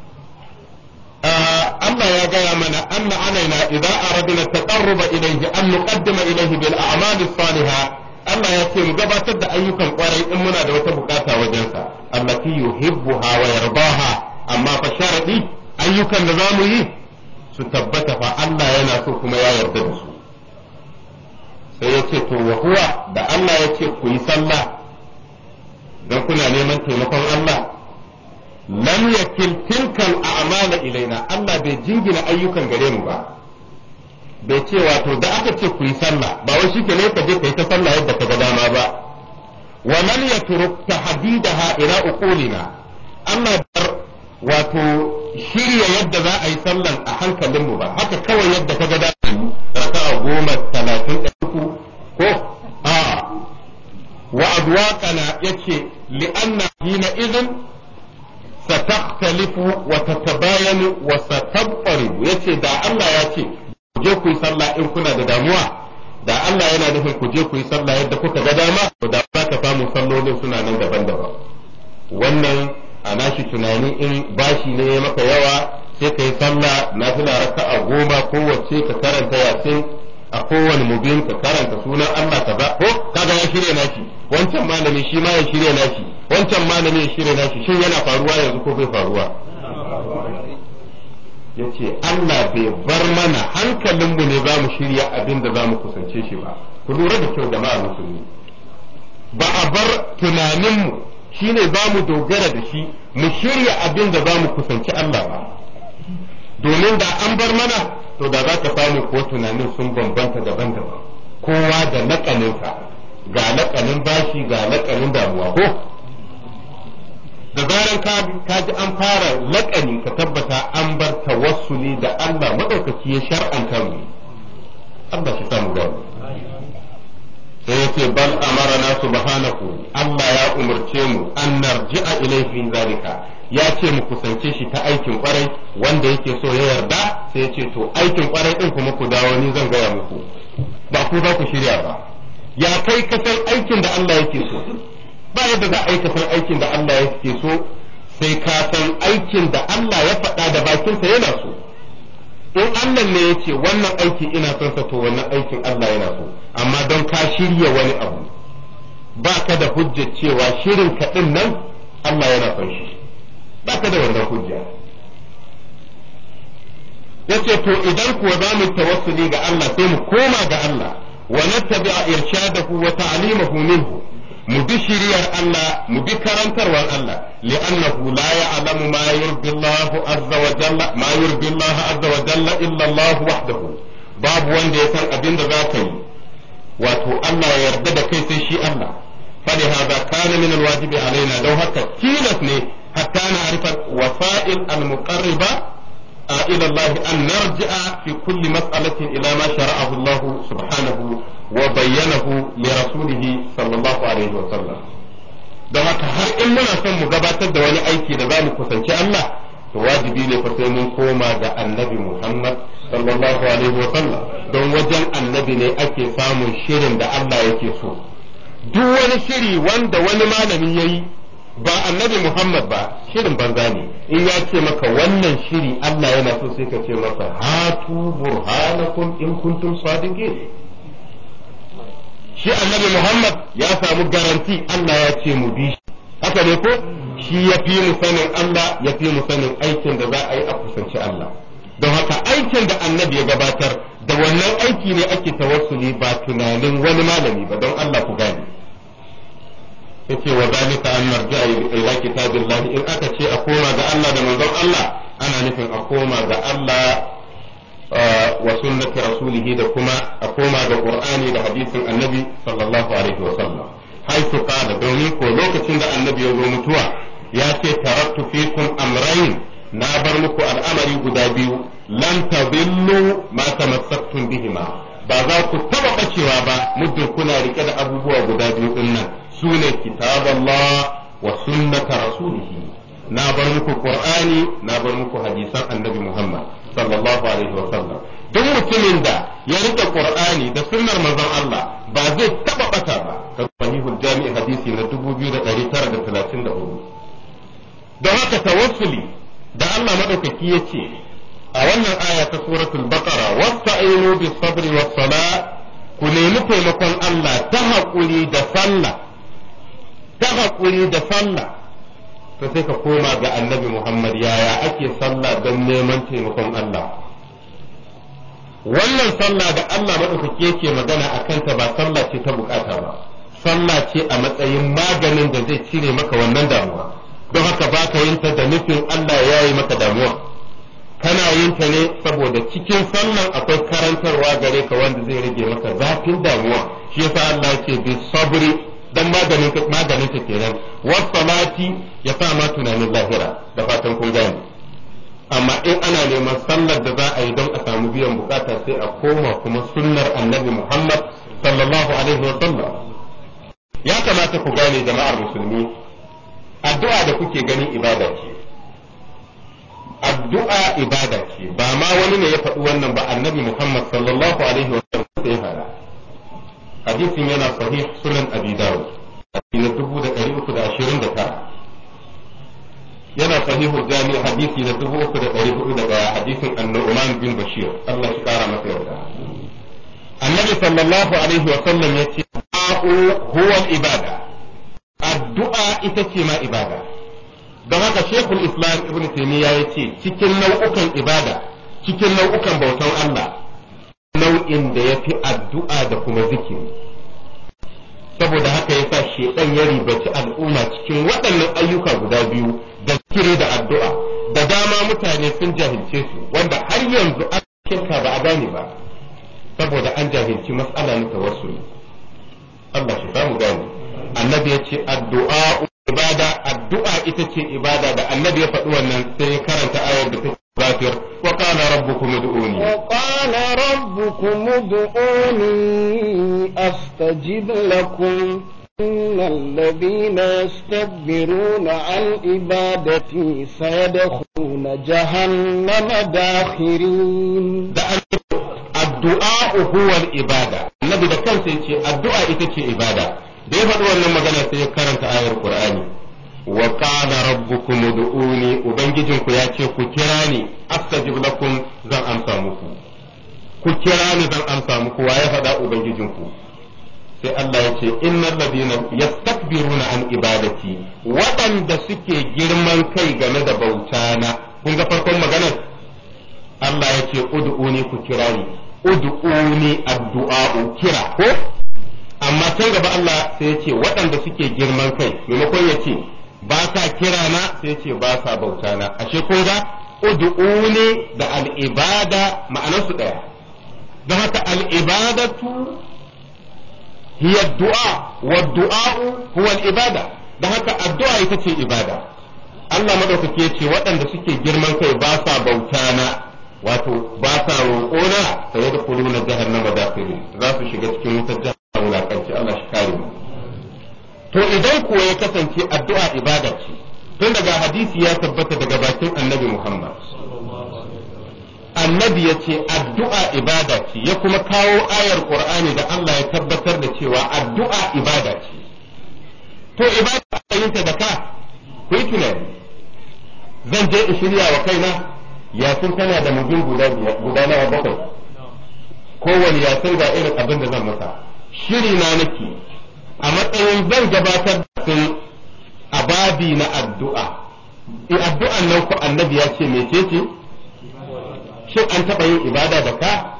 Allah ya gaya mana anna alaina idza aradna taqarruba ilayhi an nuqaddima ilayhi bil a'mali salihah Allah ya ce mu gabatar da ayyukan kwarai in muna da wata bukata wajensa allati yuhibbuha wa yardaha amma fa sharadi ayyukan da zamu yi su tabbata fa Allah yana so kuma ya yarda da su sai ya ce to wa huwa da Allah ya ce ku yi sallah dan kuna neman taimakon Allah lam yakil tilkal a'mala ilaina Allah bai jingina ayyukan gare mu ba bai ce wato da aka ce ku yi sallah ba wai shike ne ka je ka yi ta sallah yadda ka ga dama ba wa man yatruk tahdidaha ila uqulina Allah bar wato shirya yadda za a yi sallan a hankalin mu ba haka kawai yadda ka ga dama raka'a goma talatin da uku ko a wa adwaqana yace li'anna hina idhin ستختلف وتتباين وستضطرب يتي دا الله يتي je ku yi sallah in kuna da damuwa da Allah yana nufin ku je ku yi sallah yadda kuka ga dama ko da ba ka samu sallolin suna nan daban-daban wannan a nashi tunani in bashi ne ya maka yawa sai ka yi sallah na suna raka a goma kowace ka karanta yasin a kowane mubin ka karanta sunan Allah ka ba ko kaga ya shirya nashi wancan malami shi ma ya shirya nashi wancan malami ya shirya nashi shin yana faruwa yanzu ko bai faruwa ya ce Allah bai bar mana hankalinmu ne za mu shirya abin da za mu kusance shi ba ku lura da kyau jama'a musulmi ba a bar tunaninmu shi ne za mu dogara da shi mu shirya abin da za mu kusanci Allah ba domin da an bar mana to da za ka samu ko tunanin sun bambanta daban-daban kowa da lakaninsa ga naƙanin bashi ga naƙanin damuwa ko da zaran ka ji an fara laƙani ka tabbata an bar tawassuli da Allah maɗaukaki ya shar'anta mu Allah shi samu gani sai ya ce bal na subhanahu Allah ya umarce mu an narji'a ilaihi min zalika ya ce mu kusance shi ta aikin kwarai wanda yake so ya yarda sai ya ce to aikin kwarai din kuma ku dawo ni zan gaya muku ba ku za ku shirya ba ya kai kasar aikin da Allah yake so ba yadda za a aikin da Allah ya ke so sai ka san aikin da Allah ya faɗa da bakinsa yana so in Allah ne ya ce wannan aiki ina son sa to wannan aikin Allah yana so amma don ka shirya wani abu ba ka da hujjar cewa shirin ka din nan Allah yana son shi ba ka da wannan hujja yace to idan kuwa za mu tawassuli ga Allah sai mu koma ga Allah wa nattabi'a irshadahu wa ta'limahu minhu mu bi shiriyar Allah mu bi karantarwar Allah li'annahu la ya'lamu ma yurdi Allahu azza wa jalla ma yurdi Allah azza wa jalla illa Allah wahdahu babu wanda ya san abin da za ka yi wato Allah ya yarda da kai sai shi Allah fali hada kana min alwajibi alaina dan haka tilas ne hatta na arifa wasa'il almuqarriba ila Allah an narji'a fi kulli mas'alatin ila ma shara'ahu Allah subhanahu bayyanahu li rasulihi sallallahu alaihi wa sallam don haka har in muna son mu gabatar da wani aiki da za mu kusanci Allah to wajibi ne fa sai mun koma ga annabi Muhammad sallallahu alaihi wa sallam don wajen annabi ne ake samun shirin da Allah yake so duk wani shiri wanda wani malami yayi ba annabi Muhammad ba shirin banza ne in ya ce maka wannan shiri Allah yana so sai ka ce masa hatu burhanakum in kuntum sadiqin shi annabi Muhammad ya samu garanti Allah ya ce mu bi shi haka ne ko shi ya fi mu sanin Allah ya fi mu sanin aikin da za a yi a kusanci Allah don haka aikin da annabi ya gabatar da wannan aiki ne ake tawassuli ba tunanin wani malami ba don Allah ku gane yace wa zalika an marji'a ila kitabillahi in aka ce a koma ga Allah da manzon Allah ana nufin a koma ga Allah wa sunnati rasulihi da kuma a koma ga qur'ani da hadisin annabi sallallahu alaihi wa sallam haitu qala domin ko lokacin da annabi ya zo mutuwa ya ce taraktu fikum amrayn na bar muku al'amari guda biyu lan tadillu ma tamassaktum bihima ba za ku taɓa bacewa ba muddin kuna rike da abubuwa guda biyu din nan sune kitaballah wa sunnata rasulihi na bar muku qur'ani na bar muku hadisan annabi muhammad sallallahu alaihi wa sallam duk mutumin da ya rike qur'ani da sunnar manzon Allah ba zai taba bata ba ka sahihul jami'i hadisi na 2934 don haka tawassuli da Allah madaukaki yace a wannan aya ta suratul baqara wasta'inu bis sabri was salat ku nemi taimakon Allah ta haƙuri da sallah ta haƙuri da sallah to sai ka koma ga annabi Muhammad yaya ake sallah don neman taimakon Allah wannan sallah da Allah maɗaukaki yake magana a kanta ba sallah ce ta bukata ba sallah ce a matsayin maganin da zai cire maka wannan damuwa don haka ba ka yinta da nufin Allah ya yi maka damuwa kana yin ta ne saboda cikin sallan akwai karantarwa gare ka wanda zai rage maka zafin damuwa shi yasa Allah yake bi sabri dan maganin ta kenan wasalati ya sa ma tunanin lahira da fatan kun gane amma in ana neman sallar da za a yi don a samu biyan bukata sai a koma kuma sunnar annabi Muhammad sallallahu alaihi wa sallam ya kamata ku gane jama'ar musulmi addu'a da kuke ganin ibada ce addu'a ibada ce ba ma wani ne ya faɗi wannan ba annabi Muhammad sallallahu alaihi wa sallam sai hadisin yana sahih sunan abi dawud na dubu da ɗari uku da ashirin da tara yana sahihul jami hadisi na dubu uku da ɗari hudu da ɗaya hadisin annu'man bin Allah shi kara masa yarda annabi sallallahu alaihi wa sallam yace da'u huwa ibada addu'a ita ce ma ibada don haka shekul islam ibn ya ce cikin nau'ukan ibada cikin nau'ukan bautan Allah nau'in da ya fi addu'a da kuma zikiri saboda haka ya sa shedan ya ribaci al'umma cikin waɗannan ayyuka guda biyu da zikiri da addu'a da dama mutane sun jahilce su wanda har yanzu an shirka ba a gane ba saboda an jahilci mas'ala na tawassul. Allah shi samu gani. annabi ya ce addu'a ibada addu'a ita ce ibada da annabi ya faɗi wannan sai ya karanta ayar da take zafir wa qala rabbukum ud'uni wa qala rabbukum ud'uni astajib lakum إن الذين يستكبرون عن عبادتي سيدخلون جهنم داخرين الدعاء هو العبادة النبي ذكرت الدعاء إتكي عبادة da ya faɗi wannan magana sai ya karanta ayar qur'ani wa qala rabbukum ud'uni ubangijinku ya ce ku kira ni astajib lakum zan amsa muku ku kira ni zan amsa muku wa ya faɗa ubangijinku sai Allah ya ce innal ladina yastakbiruna an ibadati waɗanda suke girman kai game da bauta na kun ga farkon maganar Allah ya ce ud'uni ku kira ni ud'uni addu'a kira ko amma can gaba Allah sai ya ce waɗanda suke girman kai maimakon ya ce ba sa kira na sai ya ce ba sa bauta na ashe ko da ud'uni da al'ibada ma'anarsu ɗaya don haka al'ibadatu hiya wa du'a'u huwa al'ibada don haka addu'a ita ce ibada Allah madaukaki ya ce waɗanda suke girman kai ba sa bauta na wato ba sa na sai da jihar na dafirin za su shiga cikin wutar Allah shi kare mu to idan kuwa ya kasance addu'a ibada ce tun daga hadisi ya tabbata daga bakin annabi Muhammad annabi ya ce addu'a ibada ce ya kuma kawo ayar qur'ani da Allah ya tabbatar da cewa addu'a ibada ce to ibada a yin da ka ku yi tunani zan je in shirya wa kaina yasin tana da mujin guda nawa bakwai kowane yasin ga irin abin da zan masa shiri na nake a matsayin zan gabatar da sun abadi na addu'a in eh, addu'an nan ku annabi ya ce mece ce shin an taɓa yin ibada da ka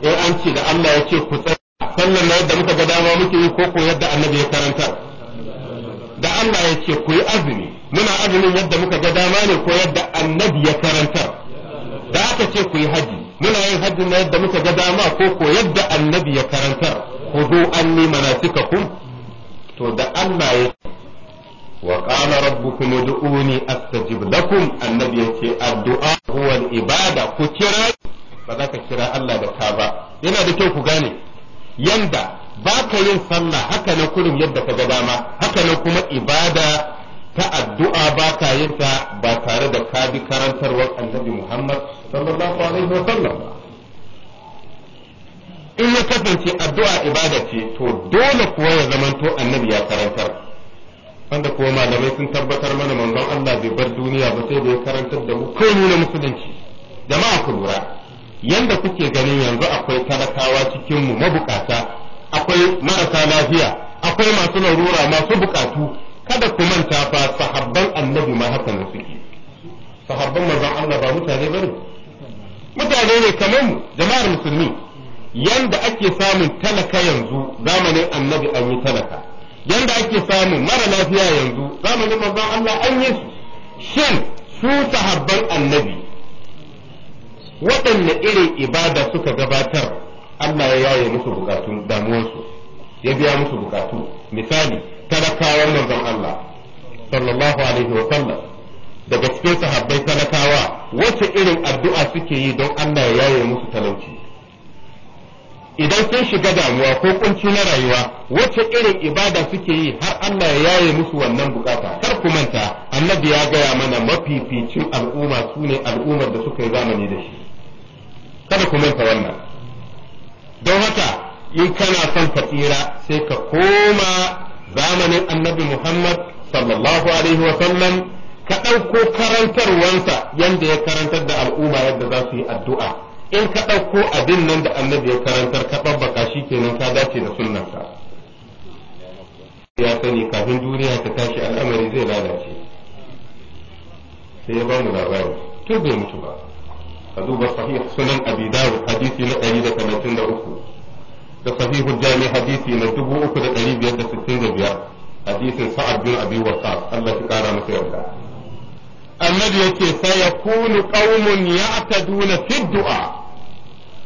in eh, an ce da Allah ya ce ku tsaya sannan na yadda muka ga dama muke yi ko ko yadda annabi ya karanta da Allah ya ce ku yi azumi muna azumin yadda muka ga dama ne ko yadda annabi ya karanta da aka ce ku yi haji muna yin hajji na yadda muka ga dama ko ko yadda annabi ya karantar khudu anni manasikakum to da Allah ya wa qala rabbukum ud'uni astajib lakum annabi yace addu'a huwa ibada ku kira ba za ka kira Allah da ka ba yana da kyau ku gane yanda ba ka yin sallah haka na kullum yadda ka ga dama haka na kuma ibada ta addu'a ba ka yin ta ba tare da ka bi karantarwar annabi Muhammad sallallahu alaihi wa sallam in ya kasance addu'a ibada ce to dole kuwa ya zamanto annabi ya karantar wanda kuma malamai sun tabbatar mana manzon Allah bai bar duniya ba sai da ya karantar da mu kai na musulunci jama'a ku lura yanda kuke ganin yanzu akwai talakawa cikin mu mabukata akwai marasa lafiya akwai masu larura masu bukatu kada ku manta fa sahabban annabi ma haka ne suke sahabban manzon Allah ba mutane bane mutane ne kamar mu jama'ar musulmi yanda ake samun talaka yanzu zamanin annabi an yi talaka yanda ake samun mara lafiya yanzu zamanin manzon Allah an yi su shin su sahabban annabi waɗanne irin ibada suka gabatar Allah ya yaye musu bukatun damuwarsu ya biya musu bukatu misali talakawar manzon Allah sallallahu alaihi wa sallam daga cikin sahabbai talakawa wace irin addu'a suke yi don Allah ya yaye musu talauci idan sun shiga damuwa ko kunci na rayuwa wacce irin ibada suke yi har Allah ya yaye musu wannan bukata kar ku manta annabi ya gaya mana mafificin al'umma sune al'ummar da suka yi zamani da shi kada ku manta wannan don haka in kana son ka tsira sai ka koma zamanin annabi Muhammad sallallahu alaihi wa sallam ka ɗauko karantarwansa yadda ya karantar da al'umma yadda za su yi addu'a in ka ɗauko abin nan da annabi ya karantar ka ɗabbaka shi kenan ka dace da sunnansa ya sani kafin duniya ta tashi al'amari zai lalace sai ya bamu labari tun bai mutu ba ka duba sahih sunan abi dawud hadisi na 133 da da da uku sahihul jami hadisi na dubu uku da da da sittin biyar hadisin sa'ad bin abi waqas Allah ya kara masa yarda annabi yake sayakunu qaumun ya'taduna fi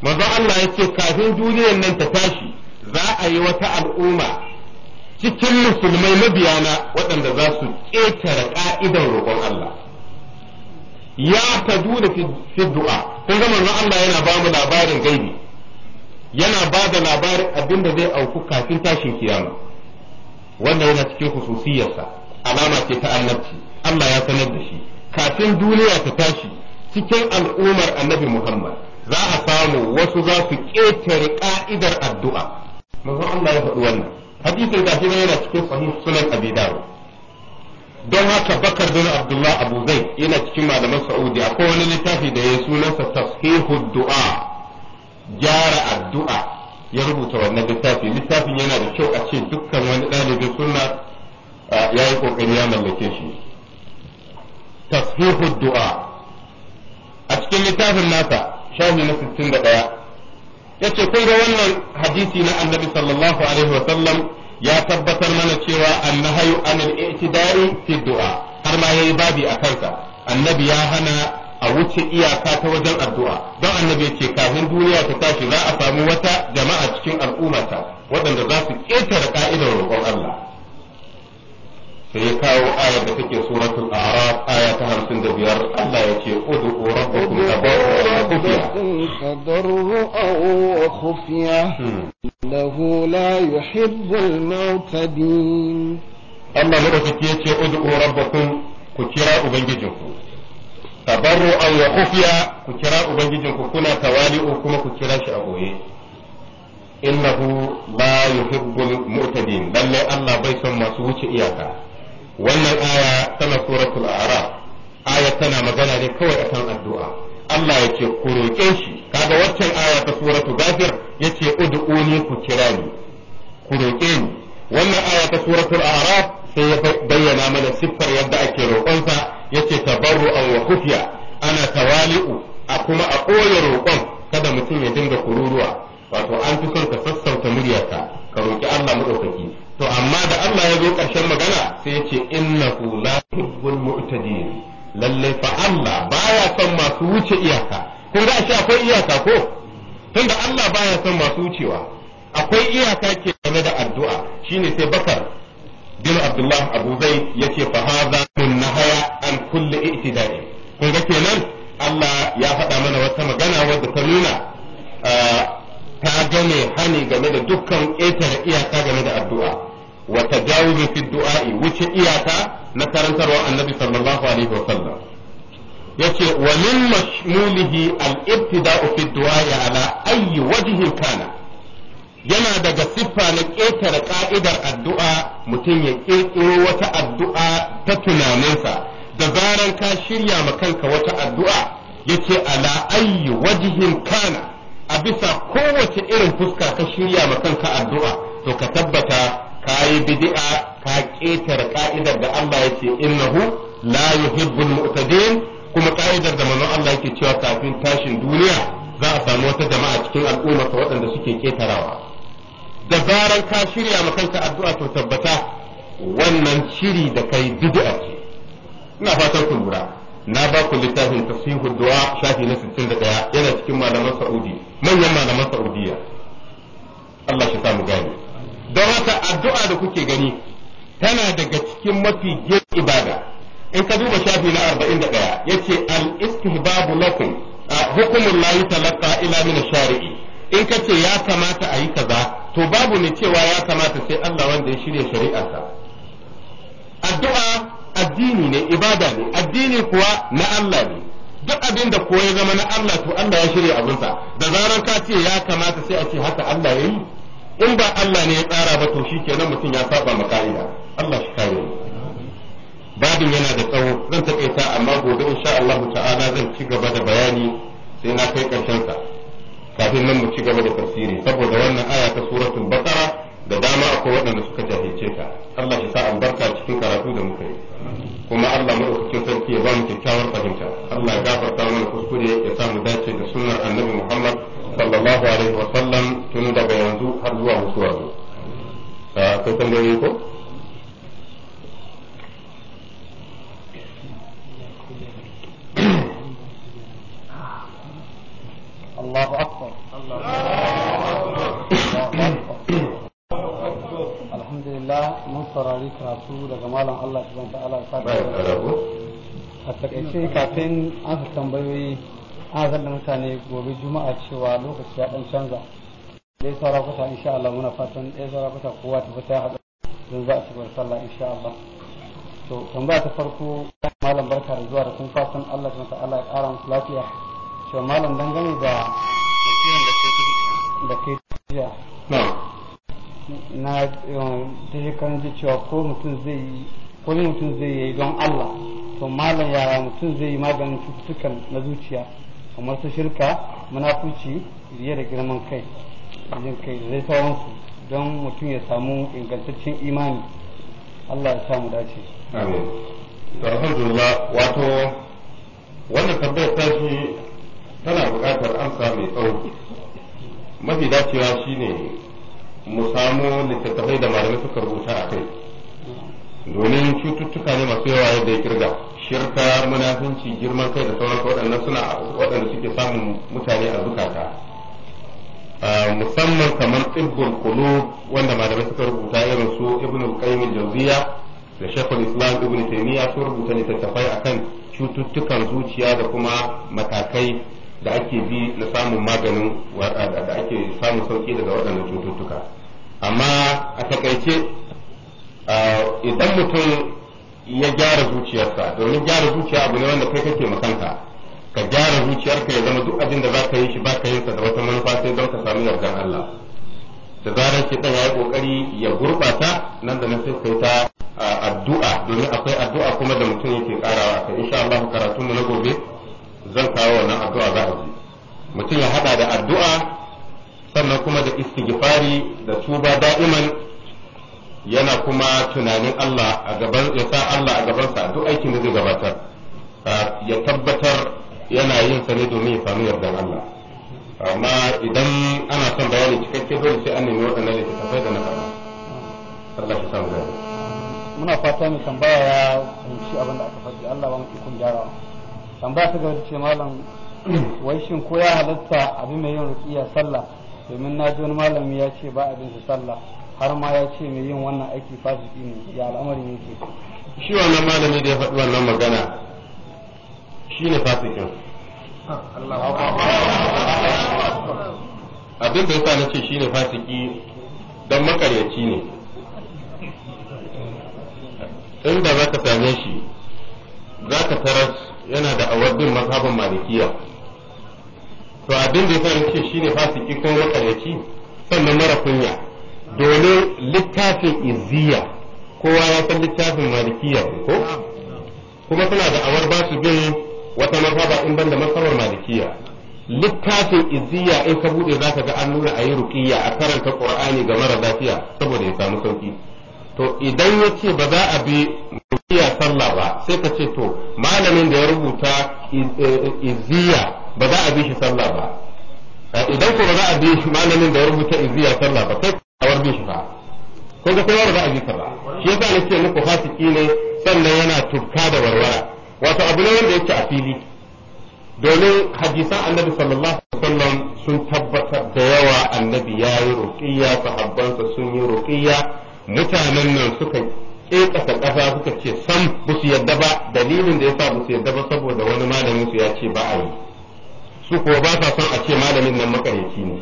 manzo Allah ya ce kafin duniyar nan ta tashi za a yi wata al'umma cikin musulmai mabiyana waɗanda za su ƙetare ƙa'idan roƙon Allah ya ta duna fi du'a kun ga manzo Allah yana ba mu labarin gaibi yana ba da labarin abin da zai auku kafin tashin kiyama wanda yana cikin hususiyarsa alama ce ta annabci Allah ya sanar da shi kafin duniya ta tashi cikin al'ummar annabi Muhammad za a samu wasu za su ƙetare ƙa'idar addu'a manzon Allah ya faɗi wannan hadisin da shi yana cikin sahih sunan abi don haka bakar bin abdullah abu zai yana cikin malaman sa'udi akwai wani littafi da ya sunansa tashihud du'a gyara addu'a ya rubuta wannan littafi littafin yana da kyau a ce dukkan wani ɗalibin sunna ya yi ƙoƙari ya mallake shi tashihud du'a a cikin littafin nasa shafi na 61 yace kun wannan hadisi na annabi sallallahu ya tabbatar mana cewa annahayu anan i'tida'i fi du'a har ma yayi babi a kansa annabi ya hana a wuce iyaka ta wajen addu'a don annabi ya ce kafin duniya ta tashi za a samu wata jama'a cikin al'ummata waɗanda za su ƙetare ka'idar roƙon Allah sai ya kawo aya da take suratul a'raf aya ta 55 Allah ya ce ud'u rabbakum tadarru'an wa khufiya lahu hmm. la yuhibbul mu'tadin Allah ne da ce ud'u rabbakum ku kira ubangijinku tadarru'an wa khufiya ku kira ku kuna tawali'u kuma ku kira shi a boye innahu la yuhibbul mu'tadin lalle Allah bai son masu wuce iyaka wannan aya tana suratul a'raf aya tana magana ne kawai akan addu'a Allah ya ku roƙe shi kaga waccan aya ta suratu ghafir yace ud'uni ku kira ni ku roƙe ni wannan aya ta suratul a'raf sai ya bayyana mana siffar yadda ake roƙonsa yace tabarru'an wa khufiya ana tawali'u a kuma a ɓoye roƙon kada mutum ya dinga kururuwa wato an fi son ka sassauta muryarka ka roƙi Allah madaukaki to amma da Allah ya zo ƙarshen magana sai ya ce innahu la yuhibbul mu'tadin lalle fa Allah baya son masu wuce iyaka kun ga shi akwai iyaka ko tunda Allah baya son masu wucewa akwai iyaka ke game da addu'a shine sai bakar bin Abdullah Abu Zaid yace fa hadha min nahaya an kulli i'tida'i kun ga kenan Allah ya faɗa mana wata magana wadda ta nuna eh, ta game hani game da dukkan ƙetare iyaka game da addu'a wata tajawuzu fi du'a'i wuce iyaka na karantarwa annabi sallallahu alaihi wa sallam ce wa min mashmulihi al-ibtida'u fi du'a'i ala ayyi wajhin kana yana daga siffa na ƙetar ƙa'idar addu'a mutum ya ƙirƙiro wata addu'a ta tunaninsa da zaran ka shirya ma kanka wata addu'a yace ala ayyi wajihin kana a bisa kowace irin fuska ka shirya ma kanka addu'a to ka tabbata ka yi bid'a ka ƙetare ka'idar da Allah ya ce innahu la yuhibbul mu'tadin kuma ka'idar da manzon Allah yake cewa kafin tashin duniya za a samu wata jama'a cikin al'umma ta waɗanda suke ƙetarawa da ka shirya ma kanka addu'a to tabbata wannan shiri da kai bid'a ce ina fatan ku lura na ba ku littafin tafsihu du'a shafi na 61 yana cikin malaman Saudi manyan malaman Saudiya Allah shi samu gani don haka addu'a da kuke gani tana daga cikin mafi gir ibada in ka duba shafi na 41 yace al-istihbabu lakum hukumullahi talaqa ila min shari'i in ka ce ya kamata a yi kaza to babu ne cewa ya kamata sai Allah wanda ya shirya shari'arsa addu'a addini ne ibada ne addini kuwa na Allah ne duk abin da koyi zama na Allah to Allah ya shirya abinsa da zarar ka ce ya kamata sai a ce haka Allah ya yi in ba Allah ne ya tsara ba to shi kenan mutum ya saba ma ka'ida Allah shi kare babin yana da tsawo zan takaita amma gobe insha Allah ta'ala zan ci gaba da bayani sai na kai karshen sa kafin nan mu ci gaba da tafsiri saboda wannan aya ta suratul baqara da dama akwai waɗanda suka jahilce ta Allah shi sa albarka cikin karatu da muka yi kuma Allah madaukakin sarki ya ba mu kyakkyawar fahimta Allah ya gafarta mana kuskure ya sa mu dace da sunnar annabi Muhammad sallallahu alaihi wa sallam tun daga yanzu har zuwa mutuwa mu ah, kai tambayoyi ko Allahu akbar Allahu akbar alhamdulillah mun karatu daga malam Allah subhanahu ta'ala a takaice kafin an tambayoyi an mutane gobe juma'a cewa lokaci ya dan canza dai saura kusa insha Allah muna fatan dai kowa ta fita hada don za a ci gaba sallah insha Allah to tambaya ta farko malam barka da zuwa da kun fatan Allah subhanahu ta'ala ya lafiya cewa malam dangane da da na ta eh, ji cewa ko mutum zai yi ko mutum zai yi don Allah to malam yaya mutum zai yi maganin cututtukan na zuciya kamar su shirka munafuci riya da girman kai jin kai da zai sauransu don mutum ya samu ingantaccen imani Allah ya samu dace amin to alhamdulillah wato wannan tambayar shi tana buƙatar amsa mai tsawo mafi dacewa shine mu samu littattafai da malamai suka rubuta a kai domin cututtuka ne masu yawa yadda ya kirga shirka munafunci girman kai da sauran waɗannan suna waɗanda suke samun mutane a zukata musamman kamar tsibbul kulu wanda malamai suka rubuta irin su ibn al-qayyim da shaykhul islam ibn taymiya su rubuta littattafai akan cututtukan zuciya da kuma matakai da ake bi na samun maganin da ake samun sauki daga waɗannan cututtuka amma a takaice idan mutum ya gyara zuciyarsa domin gyara zuciya abu ne wanda kai kake makanta ka gyara zuciyarka ya zama duk abin da za ka yi shi ba ka yin sa da wata manufa sai don ka sami yardan Allah da zarar shi ya yi kokari ya gurbata nan da nan sai kai ta addu'a domin akwai addu'a kuma da mutum yake karawa ka insha Allah karatu mu na gobe zan kawo wannan addu'a za a ji mutum ya hada da addu'a sannan kuma da istighfari da tuba da'iman yana kuma tunanin Allah a gaban ya sa Allah a gabansa a duk aikin da zai gabatar ya tabbatar yana yin sa ne domin ya samu yardan Allah amma idan ana son bayani cikakke dole sai an nemi waɗannan littattafai da na faɗa Allah ya samu gani muna fata mai tambaya ya fahimci abin da aka faɗi Allah ba mu ikon gyarawa tambaya ta gaba ce malam wai shin ko ya halatta abin mai yin rukiya sallah domin na ji wani malami ya ce ba abin su sallah har ma ya ce mai yin wannan aiki fasiki ne ya al'amarin yake shi wannan malami da ya faɗi wannan magana shi ne fasikin abin da ya sa na ce shi ne fasiki don makaryaci ne inda za ka same shi za ka taras yana da awardin mazhaban malikiya to abin da ya ce shine fasiki ko makaryaci sannan mara kunya domin littafin iziya kowa ya san littafin malikiya ko kuma suna da awar ba su bin wata mazhaba in banda mazhabar malikiya littafin iziyya in ka bude zaka ga an nuna ayi ruƙiyya a karanta ƙur'ani ga mara lafiya saboda ya samu sauki to idan yace ba za a bi iya sallah ba sai ka ce to malamin da ya rubuta iziya eh, eh, ba za a bi shi sallah ba eh, idan ko ba za a bi malamin da ya rubuta iziya sallah ba sai ka bi shi ba ko ga kowa ba za a bi ka ba shi yasa nake muku fasiki ne sannan yana turka da warwara wato abu ne wanda yake a fili domin hadisan annabi sallallahu alaihi wasallam sun tabbatar da yawa annabi ya yi ruqiyya sahabbansa sun yi ruqiyya mutanen nan suka ƙeƙasa ƙasa suka ce sam ba su yadda ba dalilin da ya sa ba su yadda ba saboda wani malamin su ya ce ba a yi su kuwa ba sa son a ce malamin nan makaryaci ne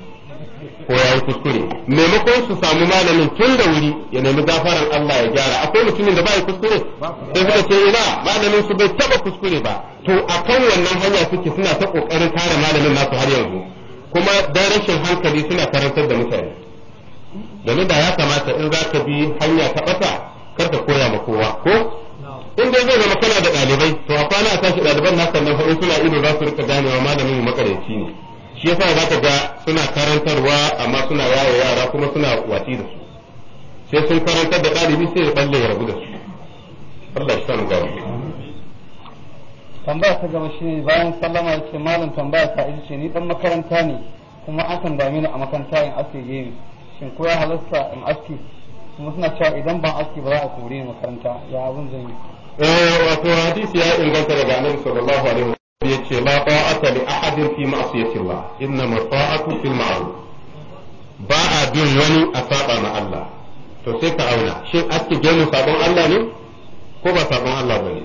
ko ya yi kuskure maimakon su samu malamin tun da wuri ya nemi gafaran Allah ya gyara akwai mutumin da ba ya kuskure sai suka ce ina malamin su bai taba kuskure ba to a kan wannan hanya suke suna ta kokarin kare malamin nasu har yanzu kuma dan rashin hankali suna karantar da mutane domin da ya kamata in za ka bi hanya ta ɓata kar ka koya ma kowa ko in dai zai zama kana da ɗalibai to a kwana a tashi ɗaliban na sannan faɗin suna ido za su rika ganewa malamin makaranci ne shi yasa za ka ga suna karantarwa amma suna yaye yara kuma suna wati da su sai sun karantar da ɗalibi sai ya balle ya rabu da su Allah shi sanu gari. tambaya ta gaba shine bayan sallama ya ce malam tambaya ta ita ce ni dan makaranta ne kuma akan dame ni a makaranta in aske gemi shin ko ya halasta in aski kuma suna cewa idan ba aski ba za a kore ne makaranta ya abun zan yi eh wato hadisi ya inganta daga annabi sallallahu alaihi wasallam ce la ta'ata li ahadin fi ma'siyati Allah inna ma ta'atu fil ma'ruf ba a bin wani a saba ma Allah to sai ka auna shin aski gemu sabon Allah ne ko ba sabon Allah bane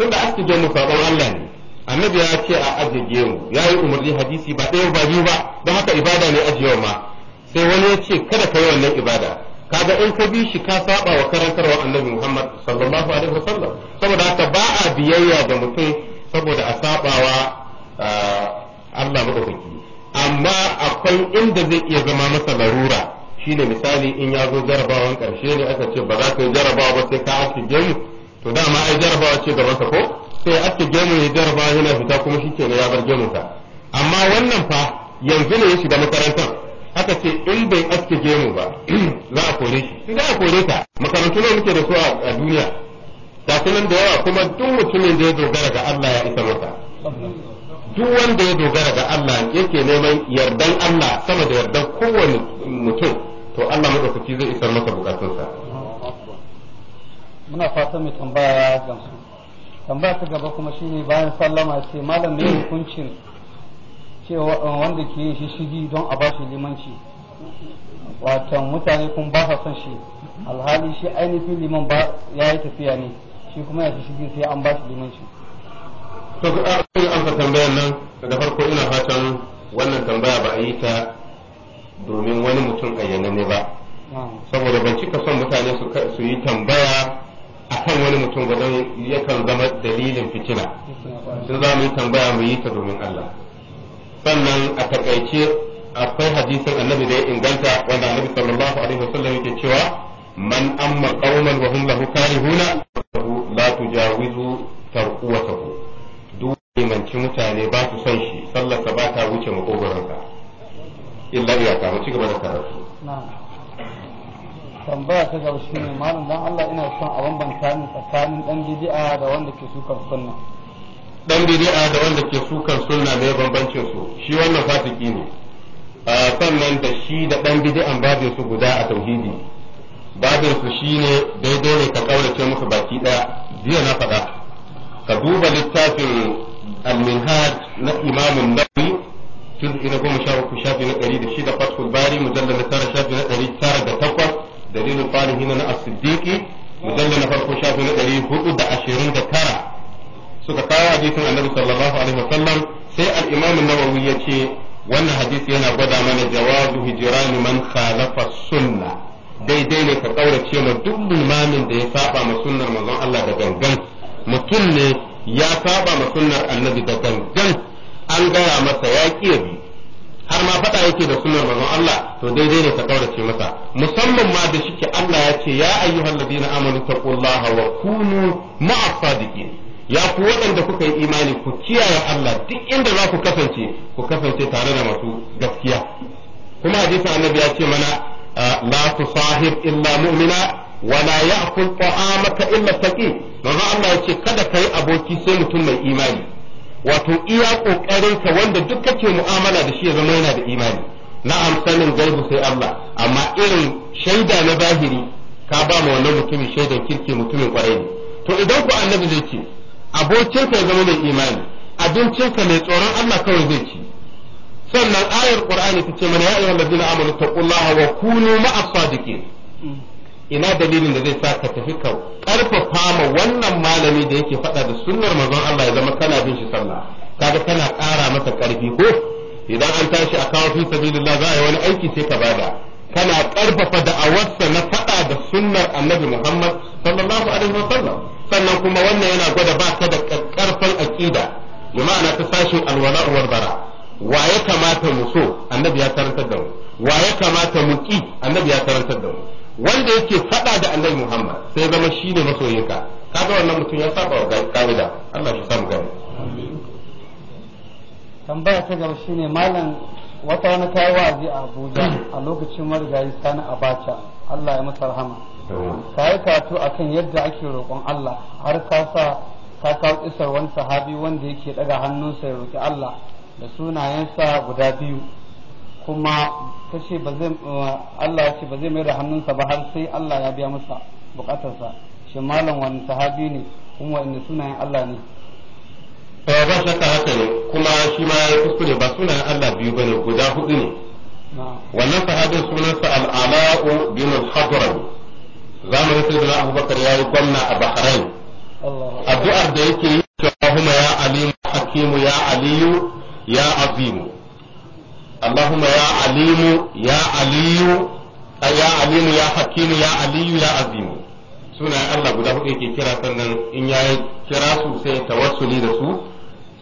tunda aski gemu sabon Allah ne annabi ya ce a ajiye gemu ya yi umarni hadisi ba ɗaya ba biyu ba don haka ibada ne ajiyewa ma sai wani ya ce kada ka yi wannan ibada kaga in ka bi shi ka saba wa karantarwa annabi Muhammad sallallahu alaihi wasallam saboda haka ba a biyayya da mutum saboda a sabawa ah, Allah madaukaki amma akwai inda zai iya zama masa larura shine misali in ya zo jarabawan karshe ne aka ce ba za ka yi jarabawa ba sai ka ake gemu to dama ai jarabawa ce gaban sa ko sai ake gemu ya jarabawa yana fita kuma shi ya bar gemunsa amma wannan fa yanzu ne ya shiga makarantar aka ce in bai aske gemu ba za a kore shi in za a kore ta makarantu ne muke da su a duniya ta sunan da yawa kuma duk mutumin da ya dogara ga Allah ya isa masa duk wanda ya dogara ga Allah yake neman yardan Allah sama da yardan kowane mutum to Allah madaukaki zai isar masa bukatunsa muna fatan mai tambaya gamsu tambaya ta gaba kuma shine bayan sallama sai malam ne hukuncin cewa wanda ke shi shigi don a bashi limanci watan mutane kun ba sa son shi alhali shi ainihin liman ba ya yi tafiya ne shi kuma ya shigi sai an bashi limanci to ka ƙarfin amsa tambayar nan daga farko ina fatan wannan tambaya ba a yi ta domin wani mutum a ne ba saboda ban cika son mutane su yi tambaya a kan wani mutum ba don yakan zama dalilin fitina sun za mu yi tambaya mu yi ta domin Allah sannan a takaice akwai hadisin annabi da ya inganta wanda annabi sallallahu alaihi wasallam yake cewa man amma qauman wa hum lahu karihuna la tujawizu tarkuwatahu duk manci mutane ba su son shi sallarsa ba ta wuce makogoransa illa ya kama ci gaba da karatu tambaya ta gaba ne malam dan Allah ina son a bambanta ni tsakanin dan bid'a da wanda ke sukar sunna dan bid'a da wanda ke sukan sunna mai bambancin su shi wannan fasiki ne sannan da shi da dan bid'an babin su guda a tauhidi babin su shine daidai ne ka kaurace musu baki daya jiya na faɗa ka duba littafin al-minhaj na imamun nawawi juz'i ina goma sha uku shafi na ɗari da shida fathul bari mujallar na tara shafi na ɗari tara da takwas dalilin falihin na as mujallar na farko shafi na ɗari hudu da ashirin da tara suka kawo hadisin annabi sallallahu alaihi wasallam sai al-imam an-nawawi yace wannan hadisi yana gwada mana jawazu hijran man khalafa sunna daidai ne ka kaurace ma duk limamin da ya saba ma sunnar manzon Allah da gangan mutum ne ya saba ma sunnar annabi da gangan an gaya masa ya bi har ma faɗa yake da sunnar manzon Allah to daidai ne ka kaurace masa musamman ma da shike Allah ya ce ya ayyuhal ladina amanu taqullaha wa kunu ma'as sadiqin ya ku waɗanda kuka yi imani ku kiyaye Allah duk inda za ku kasance ku kasance tare da masu gaskiya kuma hadisin annabi ya ce mana ah, la sahib illa mu'mina wa la ya'kul ta'amaka illa taqi manzo Allah ya ce kada kai aboki sai mutum mai imani wato iya kokarin ka wanda duk kake mu'amala da shi ya zama yana da imani na'am sanin gaibu sai Allah amma irin shaida na zahiri ka ba mu wannan mutumin shaidan kirki mutumin kwarai ne to idan ku annabi zai ce abokinka ya zama mai imani abincinka mai tsoron Allah kawai zai ci sannan ayar qur'ani ta ce mana ya ayyuhal ladina amanu taqullaha wa kunu ma'as sadiqin ina dalilin da zai sa ka tafi ka karfafa ma wannan malami da yake faɗa da sunnar manzon Allah ya zama kana bin shi sallah kaga kana ƙara masa ƙarfi ko idan an tashi a kawo fi sabilillah za a yi wani aiki sai ka bada tana ƙarfafa da'awarsa na faɗa da sunnar annabi Muhammad sallallahu alaihi wa sallam sannan kuma wannan yana gwada ba ta da ƙarfan aƙida bi ma'ana ta sashin alwala wal bara wa ya kamata mu so annabi ya karantar da mu wa ya kamata mu ki annabi ya karantar da mu wanda yake faɗa da annabi Muhammad sai zama shi ne masoyinka kaga wannan mutum ya saba wa ka'ida Allah ya samu gani tambaya ta gaba shine malam wata na ta yi wa'azi a abuja a lokacin marigayi sani abacha allah ya masa rahama ta yi a kan yadda ake roƙon allah har ka sa ka kawo isar wani sahabi wanda yake daga hannunsa ya roƙi allah da sunayensa guda biyu kuma ta ce allah ya ce ba zai mai da hannunsa ba har sai allah ya biya masa bukatarsa shi malam wani sahabi ne kuma inda sunayen allah ne ba shakka haka ne kuma shi ma ya kuskure ba sunayen Allah biyu ba bane guda hudu ne wannan sahabin sunansa al'ala'u bin al-hadran zamanin sayyidina Abubakar yayi gwamna a Bahrain addu'ar da yake yi Allahumma ya alimu hakimu ya aliyu ya azimu Allahumma ya alimu ya aliyu ya alimu ya hakimu ya aliyu ya azimu sunayen Allah guda hudu yake kira sannan in yayi kira su sai tawassuli da su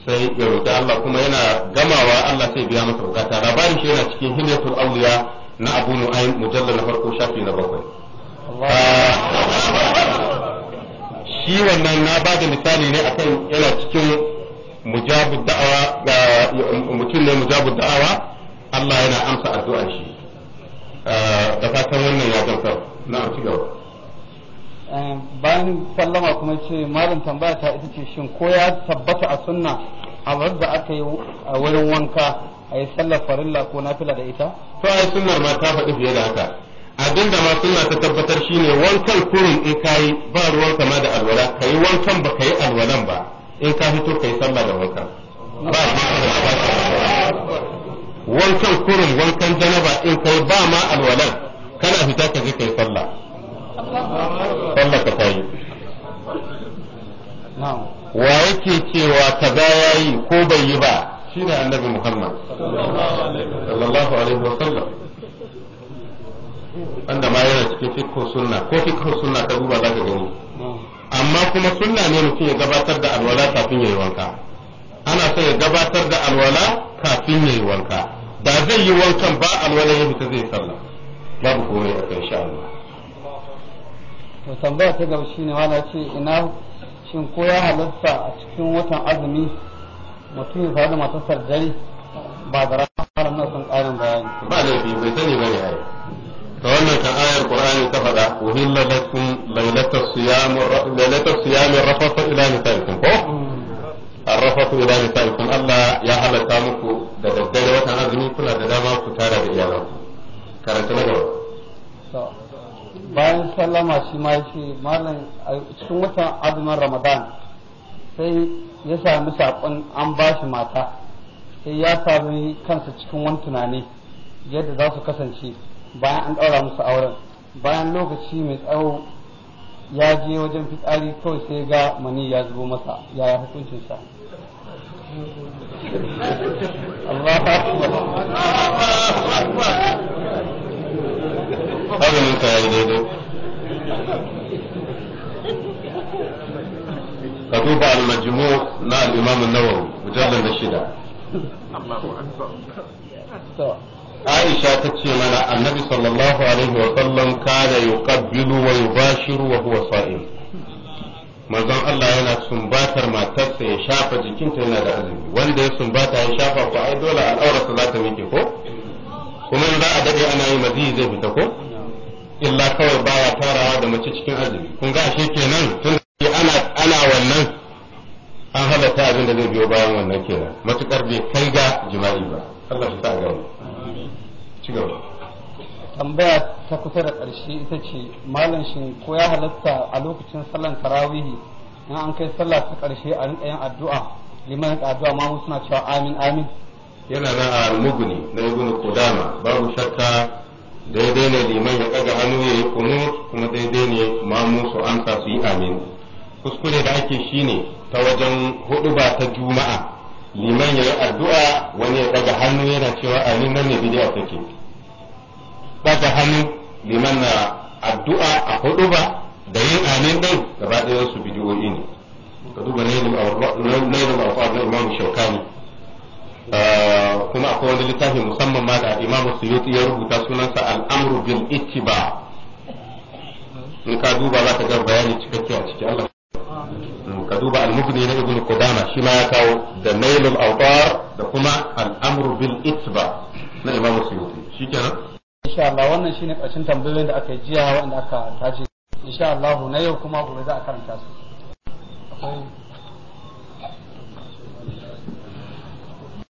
sai ya roƙi Allah kuma yana gamawa Allah sai biya masa bukata labarin shi yana cikin hilyatul awliya na Abu Nu'aym mujallal na farko shafi na bakwai shi wannan na ba da misali ne akan yana cikin mujabud da'awa ga mutum ne mujabud da'awa Allah yana amsa addu'ar shi ah, da fatan wannan ya gamsar na ci gaba Um, bayan sallama kuma ce malam tambaya ta ita ce shin ko ya tabbata a sunna a da aka yi a wurin wanka a yi sallar farilla ko nafila da ita to ai sunnar ma ta faɗi fiye da haka abin da ma sunna ta tabbatar shine wankan kurin in yi ba ruwan kama da alwala yi wankan ba yi alwalan ba in ka fito yi sallah da wanka ba wankan kurin wankan janaba in kai ba ma alwalan kana fita ka je kai sallah sallar ka tayi wa yake cewa kaza yayi ko bai yi ba shine annabi Muhammad sallallahu alaihi wa sallam wanda ma yana cikin fikhun sunna ko fikhun sunna ta duba za ka gani amma kuma sunna ne mutum ya gabatar da alwala kafin ya yi wanka ana so ya gabatar da alwala kafin ya yi wanka da zai yi wankan ba alwala ya fita zai sallah babu komai a kan sha Allah to tambaya ta gaba shine wala ce ina shin ko ya halatta a cikin watan azumi mutum ya fara matasar dare ba da ranar nan sun ƙarin bayani ba laifi bai sani ba ne ai ta wannan kan ayar qur'ani ta faɗa uhilla lakum lailatas siyam lailatas siyam rafathu ila nisaikum ko mm. arrafatu ila nisaikum Allah ya halatta muku da daddare watan azumi kuna da dama ku tara da iyalanku karanta na gaba bayan sallama shi ma yace malam cikin watan azumin ramadan sai ya sami saƙon an ba shi mata sai ya sami kansa cikin wani tunani yadda za su kasance bayan an ɗaura musu auren bayan lokaci mai tsawo ya je wajen fitsari kawai sai ga mani ya zubo masa ya yaya hukuncinsa Allah azumin ka yi daidai ka duba al-majmu na al-imam an-nawawi mujallal na shida Aisha ta ce mana annabi sallallahu alaihi wa sallam kada yuqabbilu wa yubashiru wa huwa sa'im manzon Allah yana sumbatar matarsa ya shafa jikinta yana da azumi wanda ya sumbata ya shafa ko ai dole al'aurarsa za ta miƙe ko kuma in za a dade ana yi mazi zai fita ko illa kawai baya tarawa da mace cikin azumi kun ga ashe kenan tun ana ana wannan an halatta abin da zai biyo bayan wannan kenan matukar bai kai ga jima'i ba Allah shi sa ga ci gaba tambaya ta kusa da ƙarshe ita ce malam shi ko ya halatta a lokacin sallan tarawihi in an kai sallah ta ƙarshe a rinka yin addu'a liman addu'a ma suna cewa amin amin yana nan a al-mughni na ko dama babu shakka daidai ne liman ya ɗaga hannu ya yi kunut kuma daidai ne mamu su amsa su yi amin kuskure da ake shine ta wajen hudu ba ta juma'a liman ya yi addu'a wani ya ɗaga hannu yana cewa amin nan ne bidiya take ɗaga hannu liman na addu'a a hudu ba da yin amin ɗin gaba ɗayan su bidiyoyi ne ka duba nailul awqaf na imamu shaukani Eh, kuma akwai wani littafi musamman ma da imamu suyuti ya rubuta sunansa al'amru bil ittiba in ka duba za ka ga bayani cikakke a ciki Allah ka duba al-mughni na ibnu qudama shi ma ya kawo da nailul awtar da kuma al-amru bil ittiba na imamu suyuti shikenan insha Allah wannan shine karshen tambayoyin da aka yi jiya wanda aka tace insha Allah na yau kuma gobe za a karanta su akwai